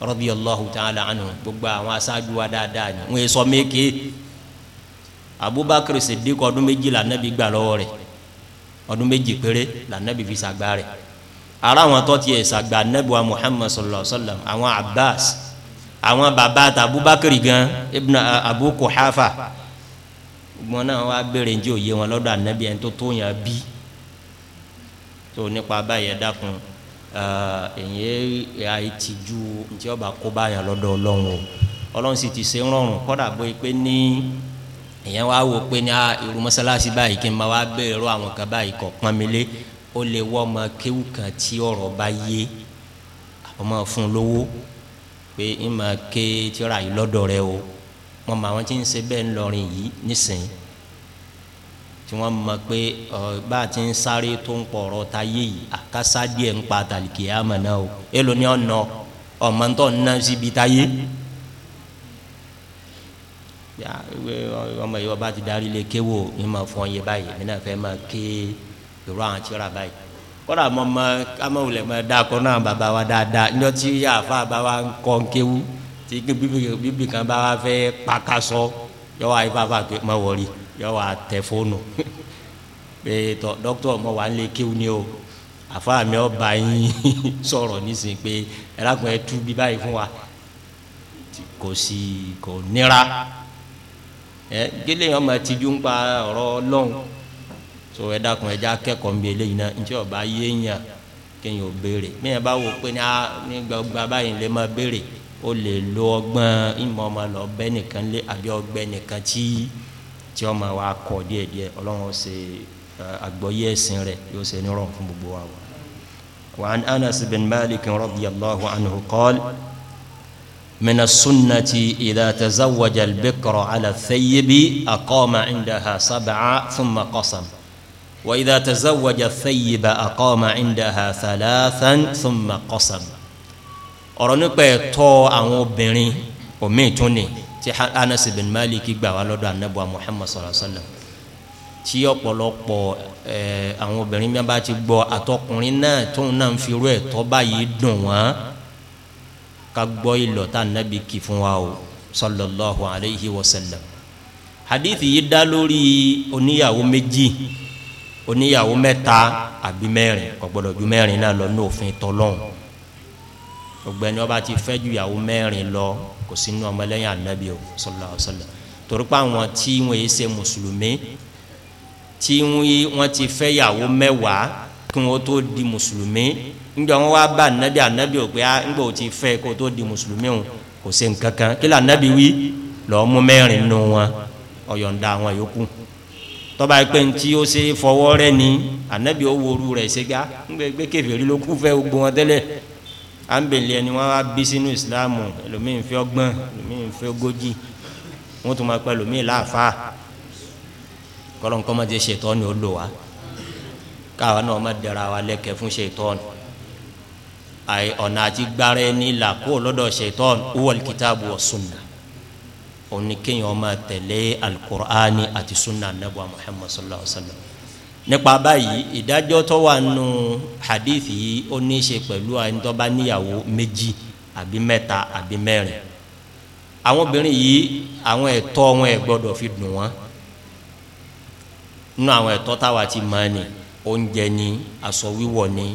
radiyallahu ta'ala anhu gbogbo àwọn aṣáájú wa dáadáa ni wọn sọ méke abubakar siddiq ọdún méjì lànàbí gbà lọ́wọ́ rẹ̀ ọdún méjì péré lànàbí fi sàgbà rẹ̀ ara àwọn tó tiẹ̀ sàgbà anabi wa muhammad sallallahu alaihi wa sallam àwọn abbas àwọn baba àti abubakar gan ibn abu kuhafa gbọ́n náà wá béèrè njẹ́ òye wọn lọ́dọ̀ anabi ẹni tó tó yàn bí tó nípa báyẹn dákun èyí àìtìjú ntí ọba kó báyẹn lọ́dọ̀ ọlọ́run o ọlọ́run sì ti ṣe ń rọrùn kọ́dà bó yẹ pé ní èyàn wá wò pé ní irú mọ́sálásí báyìí kí n máa wá bẹ̀rẹ̀ rọ àwọn kan báyìí kọ̀ pọ́n mi lé ó lè wọ́ ọmọ kéwù kan tí ọ̀rọ̀ bá yé ọmọ fún lówó pé ń máa ké tíra yìí lọ́dọ̀ rẹ o wọn máa wọn ti ń ṣe bẹ́ẹ̀ ńlọrin yìí nísìnyí tí wọ́n mọ̀ pé bá a ti ń sáré tó ń pọ̀ ọ̀rọ̀ ta yé yìí àkásá díẹ̀ ń pa àtàlìkè àmọ̀ náà o èlò ni ọ̀nà ọ̀mọ̀ ń tọ́ ná síbi ta yé ọmọ yìí ọba ti darí lé kéwò ní ma fún ọyẹ báyìí mí náà fẹ́ ké ìró àwọn tíra báyìí kódà mọ mọ amáwulẹ̀ mọ dáa kọ́ náà bàbá wa dáadáa ní ọtí àfa bá wa ń kọ́ ń kéwú tí bíbí kan bá wa fẹ́ pàkásọ yọ wá ifá fà pé má wọrí yọ wà tẹ fóònù pé tọ dókítà mo wà nílé kéwù ni o àfa mi ọ bá yín *laughs* sọ̀rọ̀ nísìnyí pé ẹlákùn ẹ tú bí báyìí fún wa kò sí kò nira ẹ gẹlẹ yẹn ọmọ tìjú ń pa ọ̀rọ̀ Ọlọ́run so ẹ dákun ẹ já kẹ́kọ̀ọ́ nbí eléyìí náà ntí ọba yéèyàn kéèyàn ò béèrè mẹyàn bá wò pé ní a ní gbàgbà báyìí lè má béèrè o lè lo ọgbọ́n ìmọ̀ ọmọ lọ bẹ́ nìkan lé àbí ọgbẹ́ nìkan tí tí ọmọ wa kọ díẹ̀ díẹ̀ Ọlọ́run ó ṣe àgbọ́yé ẹ̀sìn rẹ̀ yóò ṣe ní rọrùn fún gbogbo wa. وعن أنس بن مالك رضي الله عنه قال من السنة إذا تزوج البكر على الثيب أقام عندها سبعة ثم قسم وإذا تزوج الثيب أقام عندها ثلاثا ثم قسم ọ̀rọ̀ nípa ẹ̀tọ́ بني obìnrin توني tí anas ibn malik gbà wá lọ́dọ̀ anabuwa muhammad sallallahu alaihi wa sallam tí ọ̀pọ̀lọpọ̀ ẹ̀ àwọn obìnrin bí wọ́n bá ti gbọ́ àtọkùnrin náà tóun náà ń fi irú ẹ̀ tọ́ báyìí dùn wọ́n ká gbọ́ ìlọ̀ tá anabi kì fún wa o sallallahu alaihi wa sallam hadithi yìí dá lórí oníyàwó méjì oníyàwó mẹ́ta àbí mẹ́rin kò ju mẹ́rin náà lọ ní òfin tọ́lọ́hún ọgbẹ́ni ọba ti fẹ́ ju ìyàwó mẹ́rin lọ kò sínú ọmọlẹ́yìn anabi o sọlá sọlá torípa àwọn tí wọn yìí ṣe mùsùlùmí tí wọn ti fẹ́ yàwó mẹ́wàá kí wọn tó di mùsùlùmí nígbà wọn wá bá anabi anabi ah, o pé nígbà ti fẹ́ kó tó di mùsùlùmí o kò ṣe anabi wí lọ́ọ́ mú mẹ́rin wọn ọ̀yọ̀ǹda àwọn yòókù tọ́ba pé ntí anabi ó ṣe gá gbé fẹ́ à ń bèlè ẹni wọn wá bí sínú ìsìláàmù ẹlòmíín fi ọgbọ́n ẹlòmíín fi ogójì wọn tún máa pẹ́ ẹlòmíín láàfa kọlọ́nkọ́ máa ti ṣètọ́ ni ó lò wá káwa náà má dẹ̀ra wa lẹ́kẹ̀ẹ́ fún ṣètọ́ ni ọ̀nà àti gbára ẹni là kó lọ́dọ̀ ṣètọ́ wọ́ọ̀lì kìtàbù wa sunna òun ni kéèyàn máa tẹ̀lé alukur'ani àti sunna anabu muhammad sallallahu alaihi wa sallam nípa báyìí ìdájọ́ tó wà nù hadithi yìí ó ní í ṣe pẹ̀lú ẹni tó bá níyàwó méjì àbí mẹ́ta àbí mẹ́rin àwọn obìnrin yìí àwọn ẹ̀tọ́ wọn ẹ̀ gbọ́dọ̀ fi dùn wọ́n nínú àwọn ẹ̀tọ́ táwa ti máa ní oúnjẹ ní aṣọ wíwọ̀ ní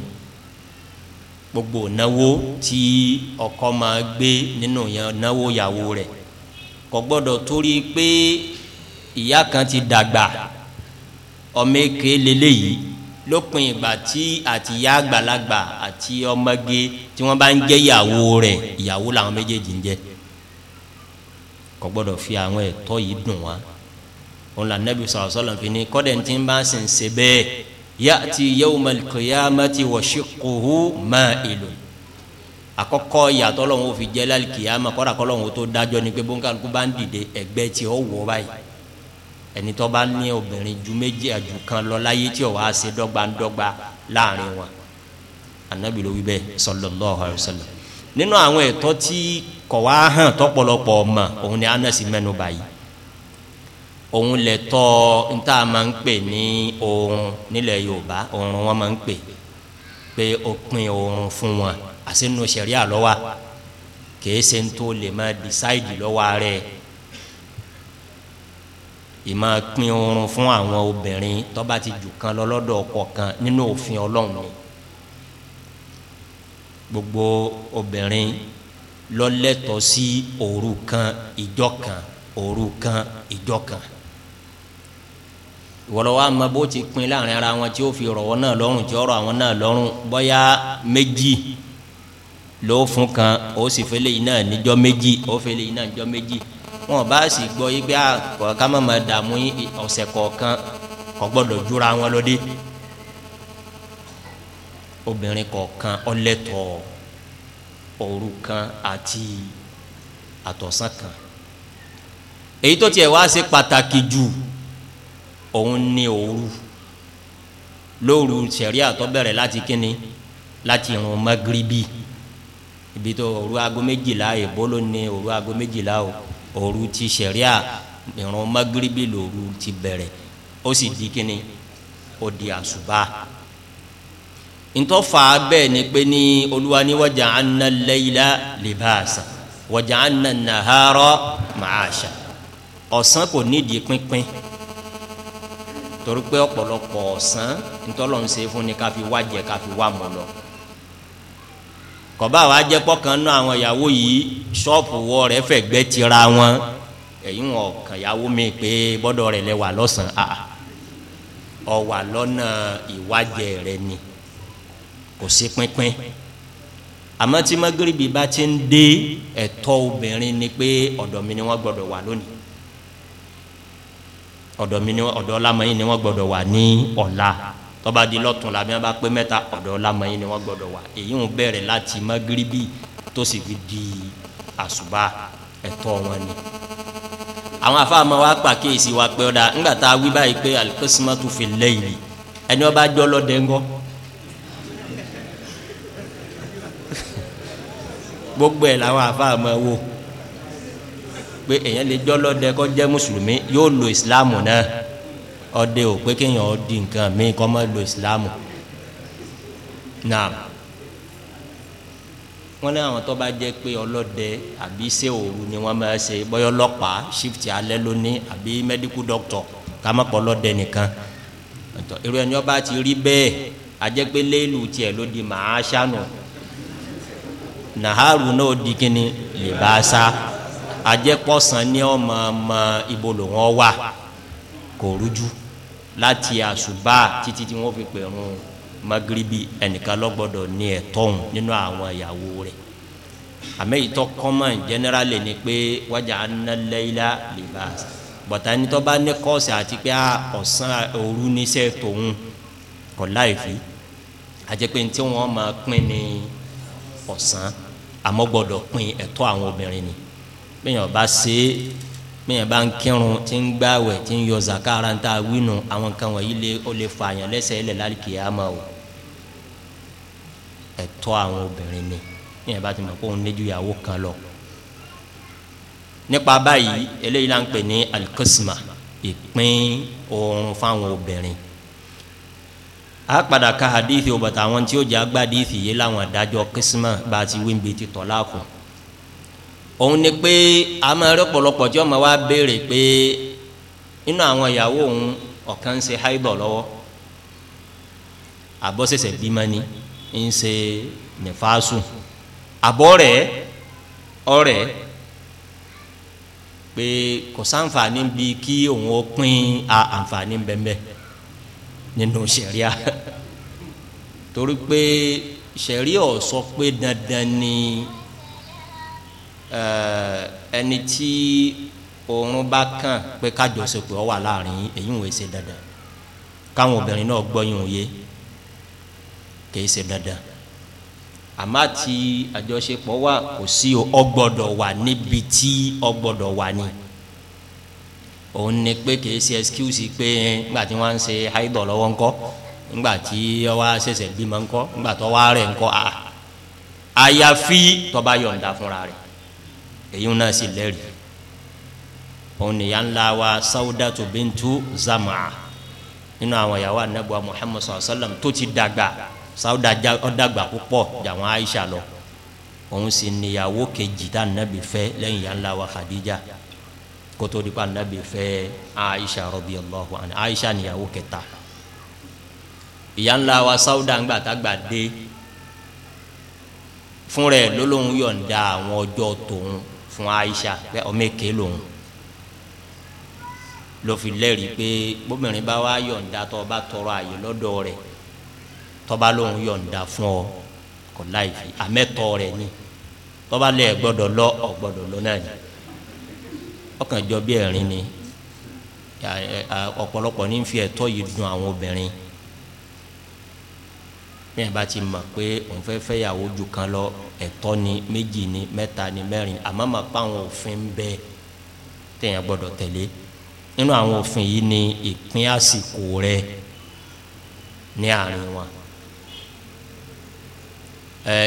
gbogbo náwó tí ọkọ máa gbé nínú náwó ìyàwó rẹ̀ kò gbọ́dọ̀ torí pé ìyá kan ti dàgbà ọmọ èké lélẹ́yìí lópin ìgbà tí àtìyá àgbàlagbà àti ọmọge tí wọ́n bá ń jẹ́ ìyàwó rẹ̀ ìyàwó làwọn méjèèjì ń jẹ́ kò gbọ́dọ̀ fi àwọn ẹ̀tọ́ yìí dùn wá òun là nẹ́bí sọ̀rọ̀ sọ̀rọ̀ fi ni kọ́dẹ̀ tí ń bá sì ń ṣe bẹ́ẹ̀ ya'ti yawmal qiyamati wa shiqquhu ma'ilun àkọ́kọ́ ìyàtọ̀ lọ́wọ́ fi jẹ́ lálẹ́ kìyàmá kọ́dà kọ́ lọ́wọ́ tó dájọ́ ni pé bóńkà ló bá ń dìde ẹ̀gbẹ́ tí ó wọ̀ báyìí ẹni tó bá ní obìnrin ju méjì àjù kan lọ láyé tí ó wá ṣe dọ́gbandọ́gba láàrin wọn anabi ló wí bẹ́ẹ̀ sallallahu alaihi wasallam nínú àwọn ẹ̀tọ́ tí kò wá hàn tọ́pọ̀lọpọ̀ ọmọ òun ni anasi mẹ́nu báyìí òun lè tọ́ níta máa ń pè ní oorun nílẹ̀ yorùbá oorun wọn máa ń pè pé ó pin oorun fún wọn àsinu sẹ̀ríà lọ́wọ́ kìí ṣe ń tó lè máa decide lọ́wọ́ rẹ̀ ìmọ̀ pín oorun fún àwọn obìnrin tó bá ti jù kan lọ́lọ́dọ̀ ọkọ kan nínú òfin ọlọ́run ni gbogbo obìnrin lọ́lẹ́tọ̀ sí òru kan ìjọ kan òru kan ìjọ kan ìwọlọ́wọ́ àmọ́ bó ti pín láàrin ara wọn tí ó fi rọ̀wọ́ náà lọ́rùn tí ó rọ̀ àwọn náà lọ́rùn bóyá méjì ló fún kan ó sì fẹ́lẹ́ yìí náà níjọ́ méjì ó fẹ́lẹ́ yìí náà níjọ́ méjì wọn bá sì gbọ́ yí pé ká má máa dààmú ọ̀sẹ̀ kọ̀ọ̀kan kò gbọ́dọ̀ jura wọn lóde obìnrin kọ̀ọ̀kan ọlẹ́tọ̀ òru kan àti àtọ̀sán kan èyí tó tiẹ̀ wá ṣe pàtàkì jù òun ni òru lóru sẹ̀ríà tó bẹ̀rẹ̀ láti kíni láti irun magribi ibi tó òru aago méjìlá èbó ló ní òru aago méjìlá o òru ti sẹ̀ríà ìrun magiribi lòru ti bẹ̀rẹ̀ ó sì di kíni ó di àṣùbà ntọ́fà bẹ́ẹ̀ ni pé ní olúwa ni wa ja'anna al-layla libasa wa ja'anna an-nahara ma'asha ọ̀sán kò nídìí pínpín torí pé ọ̀pọ̀lọpọ̀ ọ̀sán ntọ́lọ́run ṣe fún ni ká fi wá jẹ kọba wa jẹ kọkan nù àwọn ìyàwó yìí ṣọ́ọ̀pù wọ rẹ fẹ́ gbẹ tira wọn èyí wọn kàn yàwó mi pé bọ́dọ̀ rẹ lẹ wà lọ́sàn á ọwà lọ́nà ìwájẹ rẹ ni kò sí pínpín àmọ́ tí magrebi bá ti ń dé ẹ̀tọ́ obìnrin ni pé ọ̀dọ̀ mi ni wọ́n gbọ́dọ̀ wà lónìí ọ̀dọ̀ mi ni ọ̀dọ̀ ọlámọyìn ni wọ́n gbọ́dọ̀ wà ní ọ̀la tọ́ba di la làbí wọn bá pé mẹ́ta ọ̀dọ̀ lamẹ́yìn ni wọ́n gbọ́dọ̀ wà èyí ń bẹ̀rẹ̀ láti magiribi tó sì fi di àṣùbà ẹ̀tọ́ wọn ni. àwọn afáàmọ́ wa pàkíyèsí wa pé ọ̀dà ńgbà tá a wí báyìí pé alikẹ́sìmọ́tò fi lẹ́yìn ẹni wọn bá jọ́ lọ́dẹ ńgọ́. gbogbo ẹ̀ làwọn afáàmọ́ wò pé èèyàn lè jọ́ lọ́dẹ kọ́ jẹ́ mùsùlùmí yóò lo ìsìláàmù náà. ọdẹ ò pé kéèyàn ọdí nǹkan mí kọ́ mọ́ lo ìsìlámù náà wọn ní àwọn tó bá jẹ́ pé ọlọ́dẹ àbí iṣẹ́ òru ni wọ́n máa ṣe bọ́yọ́ ọlọ́pàá shift alẹ́ lónìí àbí mẹ́díkù dọ́kítọ̀ ká má pọ̀ ọlọ́dẹ nìkan irú ẹni ọba ti rí bẹ́ẹ̀ pé léèlù tiẹ̀ ló di màá ṣànù nàhárù náà di kíni lè bá a sá ajẹ́pọ̀sán ni ọmọ ọmọ ibo lòun ọ wà kò rújú. láti àṣùbà títí tí wọ́n fi pè run magiribi ẹnìkan ló gbọ́dọ̀ ní ẹ̀tọ́ òun nínú àwọn ìyàwó rẹ̀ àmẹ́ ìtọ́ kọ́mọ̀ jẹ́nẹ́rálì ni pé wájà análẹ́yìlá libas bọ̀tà nítọ́ bá ní kọ́ọ̀sì àti pé ah, ọ̀sán òru níṣẹ́ tòun kọ̀ láìfi àti pé tí wọ́n máa pín ní ọ̀sán àmọ́ gbọ́dọ̀ pín ẹ̀tọ́ àwọn obìnrin ni bẹ́ẹ̀ yẹn ọba ṣe é bẹ́ẹ̀ bá ń kírun tí ń gbàwẹ̀ tí ń yọ zakara ń ta wínu àwọn kan wọ̀nyí lé ó lè fa àyàn lẹ́sẹ̀ ẹlẹ̀ lálùkì àmà o ẹ̀tọ́ àwọn obìnrin ni bẹ́ẹ̀ bá ti mọ̀ kó ń lé ju ìyàwó kan lọ. nípa báyìí eléyìí là ń pè ní alikosima ìpín oorun fáwọn obìnrin a padà ka hadithi o bàtà àwọn tí ó jẹ́ agbádìí fìyé láwọn adájọ́ kisima bá a ti wí ń bi ti tọ́ láàkùn. òun ni pé àmọ́ ẹ̀rọ pọ̀lọpọ̀ tí ọmọ wa béèrè pé inú àwọn ìyàwó òun ọ̀kan ń ṣe háìbọ̀ lọ́wọ́ àbọ̀sẹ̀sẹ̀ bímọ ni ń ṣe nífàásù àbọ̀ rẹ̀ ọ̀rẹ́ pé kò sáǹfààní bíi kí òun ó pín àǹfààní bẹ́ẹ̀ nínú sẹ̀ríà *laughs* torí pé sẹ̀ríà ọ̀ sọ pé dandan ni. Eh, ẹni tí oorun bá kàn pé kájọsepọ̀ wà láàrin èyí ń wò ṣe dandan káwọn obìnrin náà gbọ́ yín òye kìí ṣe dandan àmọ́ àti àjọṣepọ̀ wà kò sí ọgbọ́dọ̀ wà níbi tí ọgbọ́dọ̀ wà ni òun ni pé kìí ṣe excuse pé nígbà tí wọ́n ń ṣe haidọ̀ lọ́wọ́ ńkọ́ nígbà tí wọ́n ṣẹ̀ṣẹ̀ bímọ ńkọ́ nígbà tó wá rẹ̀ ńkọ́ àyàfi tó yọ̀ǹda fúnra rẹ̀ èyí náà sì lẹ́rìí òun nìyá ńlá wa Saudatu bintu Zam'a nínú àwọn ìyàwó anabuwa Muhammad sallallahu alaihi wa sallam tó ti dàgbà Sauda ọ̀dàgbà púpọ̀ jàwọn Aisha lọ òun sì níyàwó kejì tá anabi fẹ́ lẹ́yìn ìyá ńlá wa Khadija kótó dípa anabi fẹ́ Aisha radiyallahu anha Aisha níyàwó kẹta ìyá ńlá wa ńgbà tá gbà dé fún rẹ̀ lólóhùn yọ̀ǹda àwọn ọjọ́ tòun fún Aisha pé ọmọ èké lòun ló fi lẹ́rìí pé bóbìnrin bá wá yọ̀ǹda tó bá tọrọ àyè lọ́dọ̀ rẹ̀ tó bá lòun yọ̀ǹda fún ọ kò láì fi àmẹ́tọ́ rẹ̀ ni tó bá lẹ̀ gbọ́dọ̀ lọ ọ̀ gbọ́dọ̀ lọ náà ni ọkàn jọ bí ẹ̀rín ni ọ̀pọ̀lọpọ̀ ní fi ẹ̀tọ́ yìí dùn àwọn obìnrin bẹ́ẹ̀ bá ti mọ̀ pé òun fẹ́ fẹ́ yàwó ju kan lọ ẹ̀tọ́ ni méjì ni mẹ́ta ni mẹ́rin àmọ́ mà pa àwọn òfin bẹ tẹ̀yìn gbọ́dọ̀ tẹ̀lé nínú àwọn òfin yìí ni ìpín àsìkò rẹ ní àárín wọn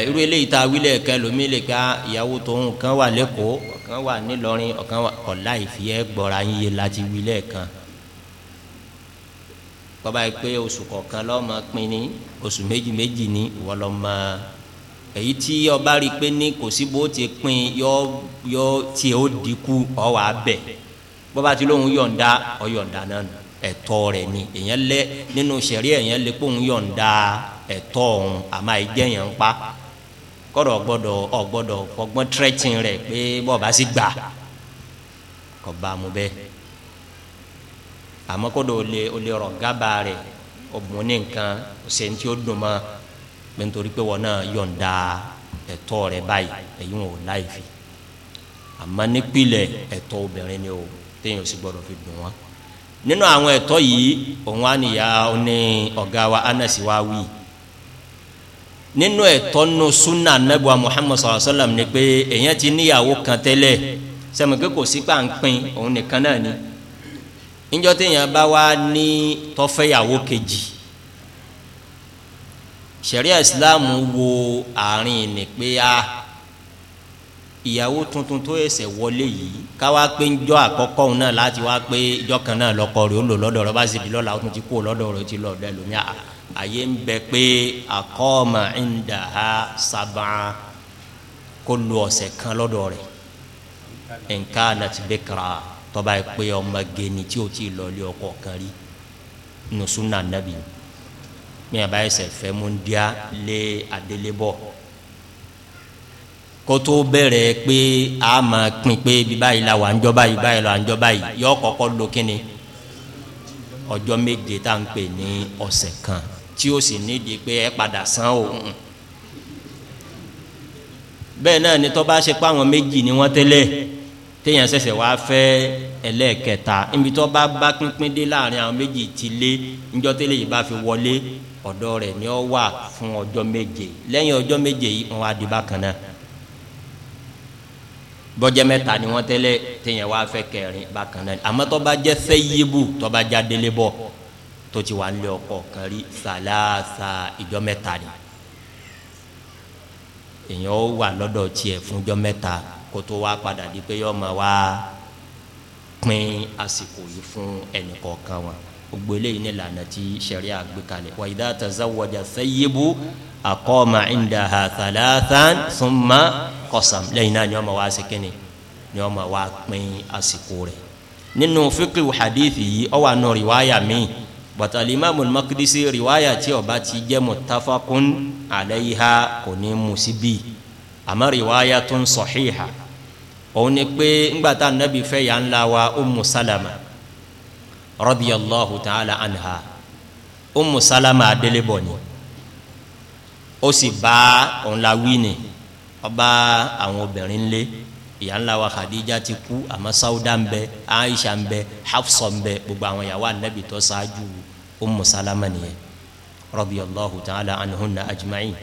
irú eléyìí tá a wílẹ̀ kẹ́ lómi lè ká ìyàwó tóun kan wà lẹ́kọ̀ọ́ ọ̀kan wà nílọrin ọ̀kan wà ọ̀la ìfìyẹ́ gbọ́ra yín yé láti wílẹ̀ kan bọ́ba yìí pé oṣù kọ̀ọ̀kan lọ́ọ́ máa pín ní oṣù méjì méjì ní ìwọ lọ́ọ́ máa èyí tí ọba rí i pé ní kò sí bó ti pín yọ yọ tí ó dínkù ọwọ́ abẹ́ bọ́ba ti lóun yọ̀ǹda ọ̀yọ̀ǹda náà nù ẹ̀tọ́ rẹ̀ ni èyàn lẹ nínú sẹ̀rí èyàn lè pé òun yọ̀ǹda ẹ̀tọ́ òun àmọ́ ẹ̀jẹ̀ yẹn ń pa kọ́dọ̀ ọ̀gbọ́dọ̀ ọ̀gbọ́dọ̀ fọgbọ́n tírẹ́tìn rẹ̀ pé bọ́ọ̀bá sì gbà kọ́ mu bẹ́ẹ̀ àmọ́ kódò ó lè ó lè rọ̀ gábà rẹ̀ ọ̀bùn ní nǹkan ṣe ń tí ó dùn mọ́ pé nítorí pé wọn náà yọ̀ǹda ẹ̀tọ́ rẹ̀ báyìí èyí wọn ò láì fi àmọ́ nípìnlẹ̀ ẹ̀tọ́ obìnrin ni o téèyàn sì gbọ́dọ̀ fi dùn wọn nínú àwọn ẹ̀tọ́ yìí òun á nìyá ní ọ̀gá wa anasi wa wí nínú ẹ̀tọ́ nù sunna anabiwa muhammad sallallahu alaihi wa sallam ni pé èèyàn ti níyàwó kan tẹ́lẹ̀ sẹ́mi pé kò sí pàǹpin òun nìkan náà ni. Pe, níjọ́ téèyàn bá wá ní tọ́fẹ́yàwó kejì ṣẹ̀ríà ìsìláàmù wo àárín ní pé a ah, ìyàwó tuntun tó ẹsẹ̀ wọlé yìí káwá pé ńjọ́ àkọ́kọ́ òun náà láti wá pé ìjọ́ kan náà lọ́kọ rẹ̀ ó lò lọ́dọ̀ rẹ̀ bá sì di lọ́la ó tún ti kú lọ́dọ̀ rẹ̀ ó ti lọ ọ̀dọ̀ ẹlòmíà àyè ń bẹ pé àkọ́ọ̀mà ń dà sábà kó lu ọ̀sẹ̀ kan lọ́dọ̀ rẹ̀ nǹkan àti bẹ́kàrà tọ́ba yìí pé ọmọ geni tí o ti lọ ilé ọkọ kan rí nùsùnà nàbì míyà bá ẹsẹ̀ fẹ́ mú díá lé adélébọ̀ kótó bẹ̀rẹ̀ pé a máa pin pé bíbáyìí la wà ń jọba báyìí la wà ń jọba yìí yọ kọ́kọ́ lo kíni ọjọ́ méje tá à ń pè ní ọ̀sẹ̀ kan tí ó sì nídìí pé ẹ padà san o bẹ́ẹ̀ náà ni tọ́ba ṣe pé àwọn méjì ni wọ́n tẹ́lẹ̀ téèyàn ṣẹ̀ṣẹ̀ wá fẹ́ ẹlẹ́ẹ̀kẹta níbi tó bá bá pínpín dé láàrin àwọn méjì ti lé níjọ́ tẹ́lẹ̀ yìí bá fi wọlé ọ̀dọ̀ rẹ̀ ni ó wà fún ọjọ́ méje lẹ́yìn ọjọ́ méje yìí wọn á di bákan náà bọ́jẹ́ mẹ́ta ni wọ́n tẹ́lẹ̀ téèyàn wá fẹ́ kẹrin bákan náà àmọ́ tó bá jẹ́ sẹ́yìíbù tó bá já délé bọ̀ tó ti wà ń lé ọkọ kan rí sàlàsà ìjọ mẹ́ta ni èèyàn ó wà lọ́dọ̀ tiẹ̀ fún ọjọ́ mẹ́ta kótó wa padà di pé yọ ma wa pín àsìkò yìí fún ẹnìkọ̀ọ̀kan wa gbogbo eléyìí ní lànà tí sẹ̀rí àgbékalẹ̀ wa idha tazawwaja thayyibu aqama indaha thalathan thumma qasam lẹ́yìn náà ni wọ́n ma wá sí kínní ni wọ́n ma wá pín àsìkò rẹ̀ nínú fíkì hadithi yìí ọ wà nù rìwáyà míì bàtà limamu makidisi rìwáyà tí ó bá ti jẹ́ muttafaqun alayha kò ní mu àmọ́ riwayatun sahiha òun ni pé ńgbàtà nàbì fẹ́ yà ńlá wa ummu salama radiyallahu ta'ala anha ummu salama adelebọ̀ ni ó sì bá òun la wí ni ọba àwọn obìnrin lé ìyá ńlá wa khadija ti kú àmọ́ sauda ń bẹ aisha ń bẹ hafsa ń bẹ gbogbo àwọn ìyàwó anabi tó ṣáájú ummu salama nìyẹn radiyallahu ta'ala anhunna ajma'in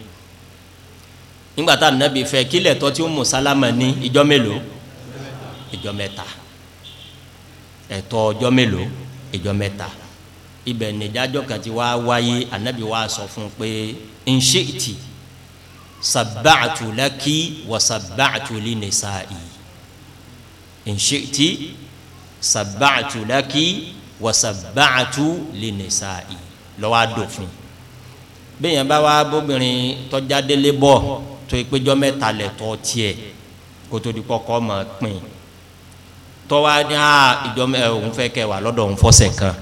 nígbàtà nàbì fẹ́ kílẹ̀ tọ́ tí ó mú sálámà ní ìjọ mélòó ìjọ mẹ́ta ẹ̀tọ́ ọjọ́ mélòó ìjọ mẹ́ta ibẹ̀ nìdájọ́ kan ti wá wáyé anabi wá sọ fún pé nṣeeti sabbatulaki wa sabbatuli nisa'i nṣeeti sabbatulaki wa sabbatuli nisa'i lọ́wọ́ àdófin bẹ́ẹ̀ yẹn bá wá bóbìnrin tọ́jádélé tó ìpéjọ mẹ́ta lẹtọ tiẹ kótó di kọkọ mọ pin tọwa ní a ìjọ mẹ òun fẹ́ kẹ wà lọ́dọ̀ òun fọsẹ kan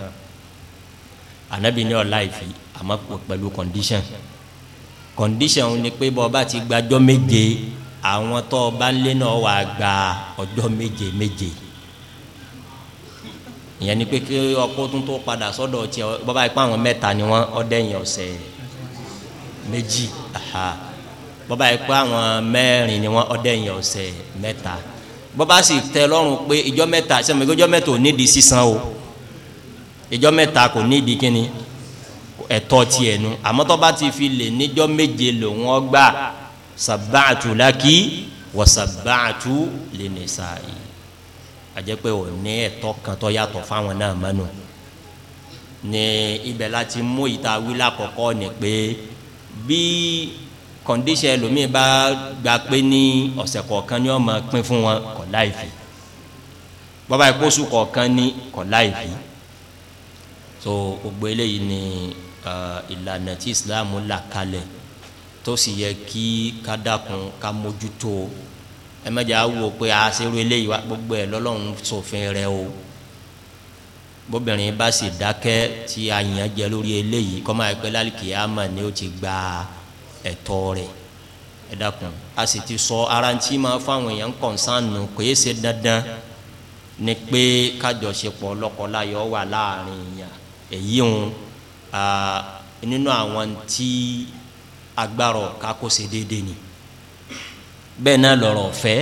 anabi ní ọlá ìfi àmọ́ pẹ̀lú condition condition ni pé bọ ọba ti gbàjọ méje àwọn tó ọba ńlẹ náà wà gba ọjọ́ méje méje ìyẹn ni pé kí ọkọ tún tó padà sọ́dọ̀ tiẹ bọba ipá àwọn mẹ́ta ni wọn ọdẹyìn ọ̀sẹ̀ méjì aha bọ́ba yìí pé àwọn mẹ́rin ni wọ́n ọdẹ yẹn ọ̀sẹ̀ mẹ́ta bọ́ba sì tẹ lọ́rùn pé ìjọ mẹ́ta sẹ́mi ìjọ mẹ́ta ò nídìí sísan o ìjọ mẹ́ta kò nídìí kíni ẹ̀tọ́ tiẹ̀ nu àmọ́ tó bá ti fi lè níjọ́ méje lòun ọgbà sàbáàtú lákì wọ́n sàbáàtú lè ní sáàyè àjẹpẹ́ ò ní ẹ̀tọ́ kan tó yàtọ̀ fáwọn náà mẹ́nu ní ibẹ̀ láti mú ìta wílà kọ̀kọ́ ni pé bí. Bi kọ̀ǹdíṣẹ̀ ẹlòmíì bá gba pé ní ọ̀sẹ̀ kọ̀ọ̀kan ni wọ́n máa pín fún wọn kọ̀ láìfi bọ́bá ìkóṣù kọ̀ọ̀kan ní kọ̀ láìfi so gbogbo eléyìí ni ìlànà tí Islam là kalẹ̀ tó sì yẹ kí kádàkùn ká mójútó ẹ mẹ́jà wò pé a ṣerú eléyìí wá gbogbo ẹ̀ lọ́lọ́run ṣòfin rẹ̀ o bóbìnrin bá sì dákẹ́ tí a yàn jẹ lórí eléyìí kọ́ máa pẹ́ lálùkìyàmọ̀ ni ó ti gba ẹ̀tọ́ rẹ̀ ẹ dákun a sì ti sọ ara ń tí máa fáwọn èèyàn kọ̀ǹsánù kò yé dandan ni pé kájọṣepọ̀ lọ́kọláyọ̀ wà láàrin èèyàn èyí ń nínú àwọn tí agbára ọ̀ka kò ṣe déédéé ni bẹ́ẹ̀ náà lọ̀rọ̀ ọ̀fẹ́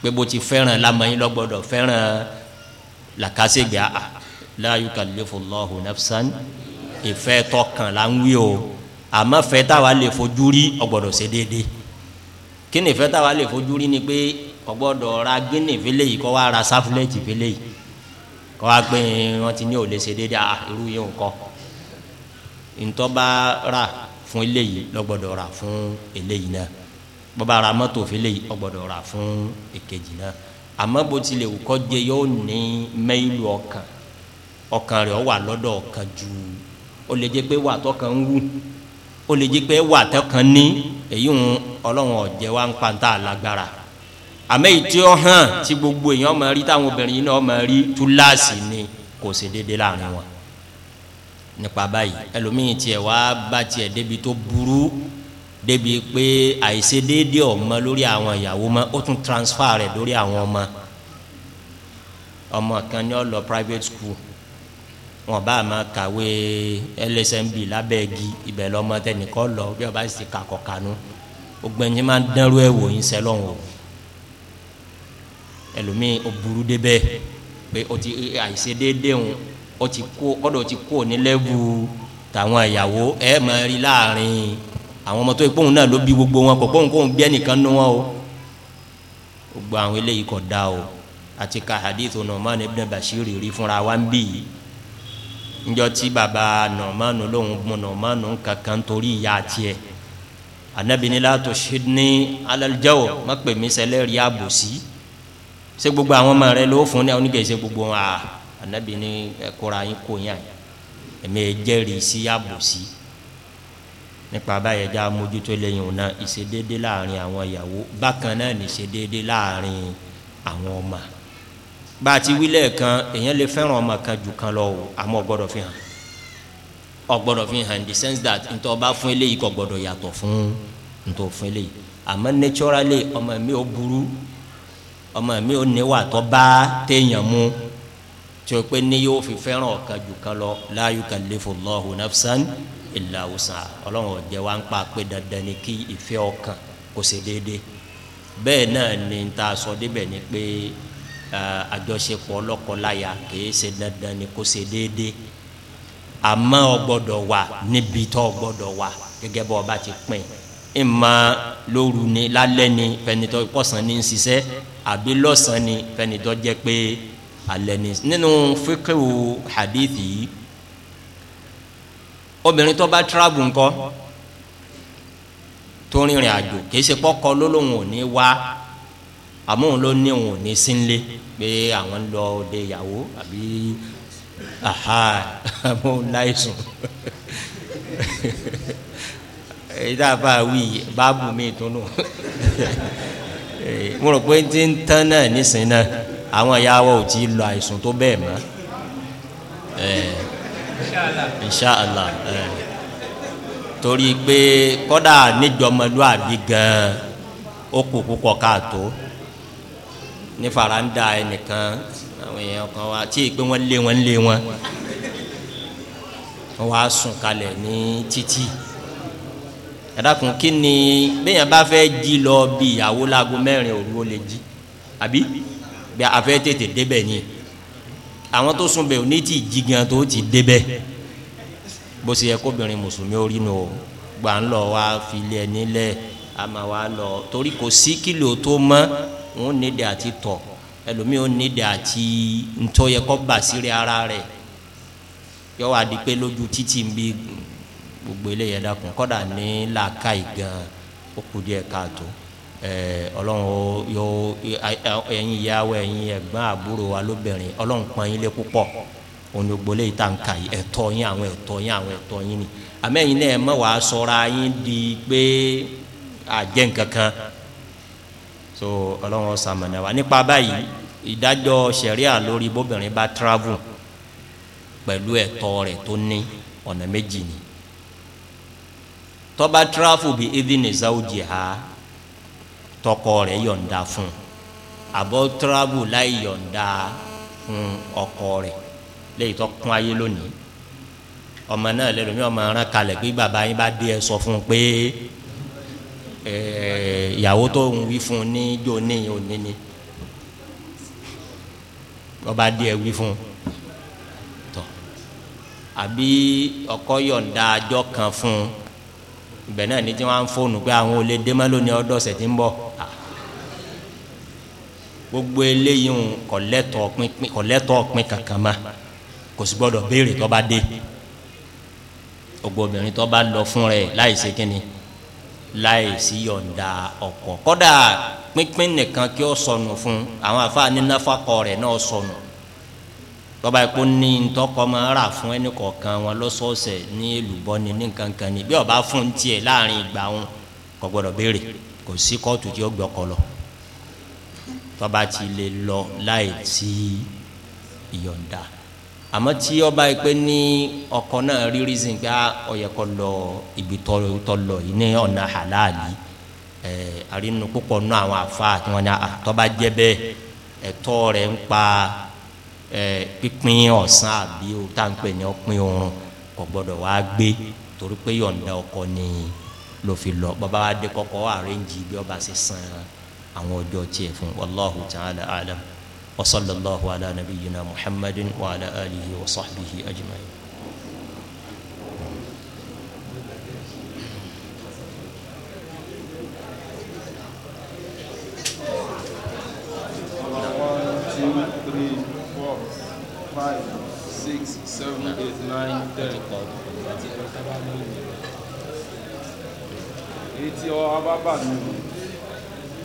pé bó ti fẹ́ràn lamọ̀yìn lọ́gbọ́dọ̀ fẹ́ràn làkàṣègbè àà la yukallifu Allahu nafsan ìfẹ́ tọkàn là ń wí o àmọ́ fẹ́ táwa lè fojú rí ọgbọ́dọ̀ ṣe déédéé kí ni fẹ́ táwa lè fojú rí ni pé ọgbọ́dọ̀ ra gíní fele yìí kọ́ wa ra sáfúlẹ́ẹ̀tì fele yìí kọ́ wa gbé wọn ti ní ò lè ṣe déédéé à ah, irú yìí nǹkan ntọ́ba rà fún eléyìí lọ́gbọ́dọ̀ rà fún eléyìí náà bọ́ba ra mọ́tò fele yìí ọgbọ́dọ̀ rà fún èkejì náà àmọ́ bó tilẹ̀ wù kọ́ jẹ yóò ní mẹ́ìlú ọkàn ọkàn rẹ̀ wà lọ́dọ̀ ọkàn ju ó lè jẹ́ pé wà tọkàn ń wù ó lè jẹ́ pé wà tẹ́kàn ní èyí ń ọlọ́run ọ̀jẹ̀ wa ń pàǹtà lágbára àmọ́ èyí tí ó hàn tí gbogbo èèyàn máa rí táwọn obìnrin yìí náà máa rí túláàsì ni kò sí déédéé láàrin wọn nípa báyìí ẹlòmíyìn tiẹ̀ wá bá tiẹ̀ débi tó burú débi pé àìṣedéédéé ọmọ lórí àwọn ìyàwó mọ́ ó tún transfer rẹ̀ lórí àwọn ọmọ ọmọ kan ní ọ lọ private school wọn bá ma kàwé lsmb lábẹ́ igi ibẹ̀ lọ́mọ tẹnìkọ́ lọ bí wọn bá sì kakọ̀ kanú gbogbo ẹni máa ń dánrú ẹ̀ wò yín sẹ́lọ̀ wò ẹlòmíì ó burú débẹ̀ pé ó ti àìṣe déédéé ń ó ti kó kọ́dọ̀ ti kó ní lẹ́bù tàwọn ìyàwó ẹ̀ máa rí láàrin àwọn ọmọ tó yẹ kóhun náà ló bí gbogbo wọn kò kóhun kóhun bí ẹnìkan nú wọn o gbogbo àwọn eléyìí kò dá o àti ka hadith Nu'man ibn Bashir rí fúnra wa ń bì yìí njọ tí baba nọ̀mánu lóhùn mu nọ̀mánu kankan torí ìyá tiẹ̀ anabinila tó ṣidni alalijawo má pè mí sẹlẹ̀rì àbòsí ṣé gbogbo àwọn ọmọ rẹ ló fún ní àwọn oníkèsè gbogbo wọn àà anabini ẹkọra yín kò yàn ẹmẹ jẹ́rìí sí àbòsí nípa báyìí ẹja mójútó lẹ́yìn ọ̀nà ìṣedéédé láàrin àwọn ìyàwó bákan náà ní ìṣedéédé láàrin àwọn ọmọ. bá a ti wí lẹ́ẹ̀kan lè fẹ́ràn ọmọ kan jù kan lọ o àmọ́ ọgbọ́dọ̀ fi hàn ọgbọ́dọ̀ fi hàn in the sense that ntọ́ bá fún eléyìí kò gbọ́dọ̀ yàtọ̀ fún ntọ́ fún eléyìí ọmọ mi ò burú ọmọ mi ò níwà tó bá téèyàn mú o pé ní fi fẹ́ràn ọ̀kan jù kan lọ la yukallifu Allahu nafsan ọlọ́run ọ̀jẹ̀ wa ń pa pé dandan ni kí ìfẹ́ ọkàn kò déédéé bẹ́ẹ̀ náà ni ta sọ débẹ̀ Eh, àjọṣepọ̀ ọlọ́kọláya kìí ṣe dandan ni kó ṣe déédéé àmọ́ ọ wà níbi tó ọ wà gẹ́gẹ́ bọ́ ọba ti pín in ìmọ̀ lóru ni lálẹ́ ni fẹnitọ́ kọ̀sán ni ń ṣiṣẹ́ àbí lọ́sàn-án ni fẹnitọ́ jẹ́ pé alẹ́ ni nínú fíkẹ́wò hadithi yìí obìnrin tó bá tíráàbù ńkọ́ tó rìnrìn àjò kìí ṣe pọ́kọ lólóhùn ò wá àmọ́ òun ló ní òun ò ní sí ń pé àwọn lọ òde ìyàwó àbí aha àmọ́ òun láì sùn èyí tá a bá wí báàbù mi tún nù mo rò pé tí ń tán náà nísìnyí náà àwọn ìyá wa ò tí ì lọ àìsùn tó bẹ́ẹ̀ mọ́ inṣàlá torí pé kọ́dà níjọmọlúàbí gan-an ó kù púpọ̀ káàtó ní faranda ẹnìkan àwọn èèyàn kan wá tí ì pé wọ́n lé wọn lé wọn wọ́n wá sùn kalẹ̀ ní títì ẹ̀dàkùn kí ni bẹ́ẹ̀yàn bá fẹ́ jí lọ bí ìyàwó láago mẹ́rin òru ó lè jí àbí bí a fẹ́ tètè débẹ̀ ni àwọn tó sùn bẹ̀ ò ní tí ì jí gan tó ti débẹ̀ bó ṣe yẹ kóbìnrin mùsùlùmí ó rí nu o gbà ń lọ wá filẹ̀ nílẹ̀ a wá lọ torí kò sí kílò tó mọ́ wọn nídìí àti tọ, ẹlòmíì wọn nídìí àti ntọ́yẹ kọ́ bà sírí ara rẹ yọ wá di pé lójú títì ń bí gbogbo eléyẹ dákun kọ́dà ní làákà ìgàn òkú díẹ̀ káàtó ọlọ́run yóò ẹ̀yin ìyàwó ẹ̀yin ẹ̀gbọ́n àbúrò wa lóbìnrin yín lé òní yìí tá n kà yìí yín àwọn yín àwọn yín ni náà yín di pé so ọlọ́run ṣamọ̀nà wa nípa báyìí ìdájọ́ sẹ̀ríà lórí bóbìnrin bá travel pẹ̀lú ẹ̀tọ́ rẹ̀ tó ní ọ̀nà méjì ni tọ́ba travel bí idini zawji ha tọkọ rẹ̀ yọ̀ǹda fún àbọ̀ travel láì yọ̀ǹda fún ọkọ rẹ̀ léyìí tó kún ayé lónìí ọmọ náà lẹ́nu mi ọmọ aràn kalẹ̀ pé bàbá yín bá dé ẹ sọ fún un pé. Eh, ìyàwó tó ń wí fún ní jò ní òní ni ọba díẹ̀ wí fún tọ àbí ọkọ yọ̀ǹda àjọ kan fún ibẹ̀ náà ní tí wọ́n á ń fóònù pé àwọn olè dé mẹ́lò ní ọdọ̀ ọ̀sẹ̀ tí ń bọ̀ gbogbo eléyìí ń kọ̀lẹ́tọ̀ ọ̀pin kankan ma kò sì gbọ́dọ̀ béèrè tó bá dé gbogbo obìnrin tó bá lọ fún rẹ̀ láì ṣe kínni láì sí yọ̀ǹda ọkọ kódà pínpín nìkan kí ó sọnù fún àwọn àfáà ní náfàkọ rẹ̀ náà sọnù tọ́ba yìí kó ní ntọ́kọ máa rà fún ẹnì kọ̀ọ̀kan wọn lọ́sọ̀ọ̀sẹ̀ ní èlùbọ́ ni ní nkankan ni bí ọba fún tiẹ̀ láàrin ìgbà wọn kò gbọdọ̀ béèrè kò sí kóòtù tí ó gbọ́kọ lọ tọ́ba ti lè lọ láì sí ìyọ̀ǹda. àmọ́ tí ọba yìí pé ọkọ náà rí reason pé ọyẹ ah, kọ lọ ibi lọ yìí ní ọ̀nà halali ẹ àrínú púpọ̀ nù àwọn afa tí wọ́n ní àtọ́ba ah, jẹ́ bẹ́ẹ̀ ẹ̀tọ́ rẹ̀ ń o tá ọkọ ni ló fi lọ bàbá wa dé kọ́kọ́ àrẹ́ǹjì bí ọba ṣe وصلى الله على نبينا محمد وعلى آله وصحبه أجمعين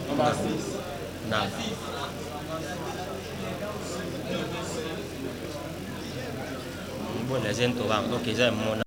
Number six. Nine. bon les intolérants donc eza monana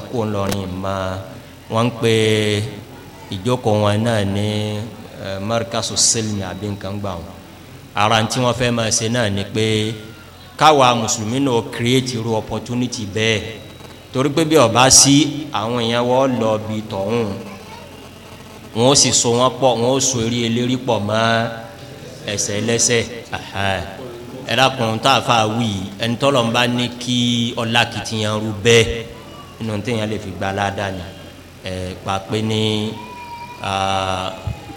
ti kó ńlọrin ma wọ́n ń pe ìjókòó wọn náà ní markasu silmi àbí nǹkan gbà wọn ara tí wọ́n fẹ́ máa ṣe náà ni pé káwa mùsùlùmí náà create irú opportunity bẹ́ẹ̀ torí pé bí ọba sí àwọn èèyàn wọ́n lọ bí tọ̀hún wọn ó sì so wọn pọ̀ wọn ó so eré eléré pọ̀ mọ́ ẹsẹ̀ ẹlẹ́sẹ̀ ẹ̀dá kan tá a fà wí ẹnitọ́lọ́mbá ní kí ọlá kìtìyàn rú bẹ́ẹ̀ inú téèyàn lè fi gba aláda ni ẹ pàpẹ ní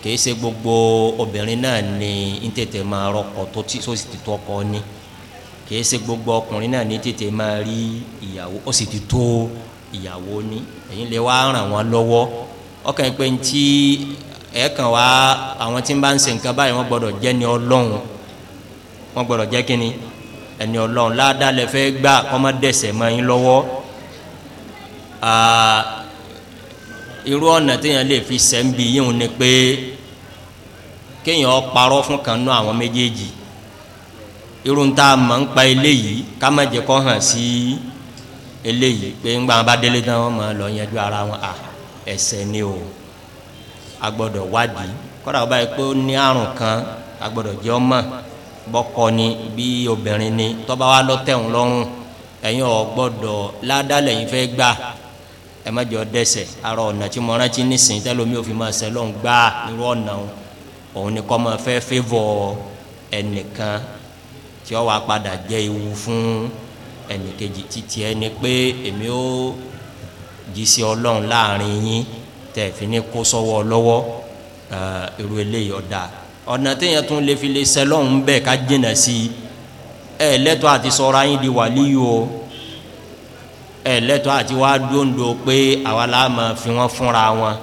kìí ṣe gbogbo obìnrin náà ni ń tètè máa rọkọ tó ti sósì ti tó ọkọ ni kìí ṣe gbogbo ọkùnrin náà ní tètè máa rí ìyàwó ó sì ti tó ìyàwó ni èyí lè wá ràn wọn lọ́wọ́ ọkàn pé ń tí ẹ̀ẹ̀kan wá àwọn tí ń bá ń ṣe nǹkan báyìí wọ́n gbọ́dọ̀ jẹ́ ni ọlọ́run wọ́n gbọ́dọ̀ jẹ́ kínni ẹni ọlọ́run ládàá lè fẹ́ gbà kọ́ mọ́ mọ́ yín lọ́wọ́ irú ọ̀nà téèyàn lè fi sẹ́ńbi yíyún ni pé kéèyàn parọ́ fún kan nú àwọn méjèèjì irú ta mọ̀ ń pa eléyìí ká má jẹ́ kó hàn sí eléyìí pé ńgbà wọn bá délé tán wọn mọ̀ lọ yanjú ara wọn à ẹsẹ̀ ni o a gbọ́dọ̀ wádìí kọ́dà wọn báyìí pé ó ní àrùn kan a gbọ́dọ̀ jẹ́ ọmọ bọ́kọ ni bí obìnrin ni tọ́ba wa lọ́tẹ̀hún lọ́rùn ẹ̀yin ò gbọ́dọ̀ ládàlẹ̀ yìí fẹ́ gbà ẹ má jọ dẹ́ṣẹ̀ ara ọ̀nà tí mo rántí nísìnyí tẹ́lómi òfin máa ṣe lọ́n gbá irú ọ̀nà òun ni kọ́ máa fẹ́ fẹ́vọ̀ ẹnìkan tí ó wàá padà jẹ́ ewu fún ẹnìkejì títí ẹni pé èmi ó jí sí ọlọ́run láàrin yín tẹ̀ fi ní kó sọ́wọ́ lọ́wọ́ irú eléyìí ọ̀dà ọ̀nà téèyàn tún lè fi lè ṣe lọ́hùn bẹ́ẹ̀ ká jìnnà sí ẹ lẹ́tọ̀ọ́ àti sọ̀rọ̀ ayín di wàlíyù o ẹlẹ́tọ́ àti wá dóńdó pé àwa la máa fi wọ́n fúnra wọn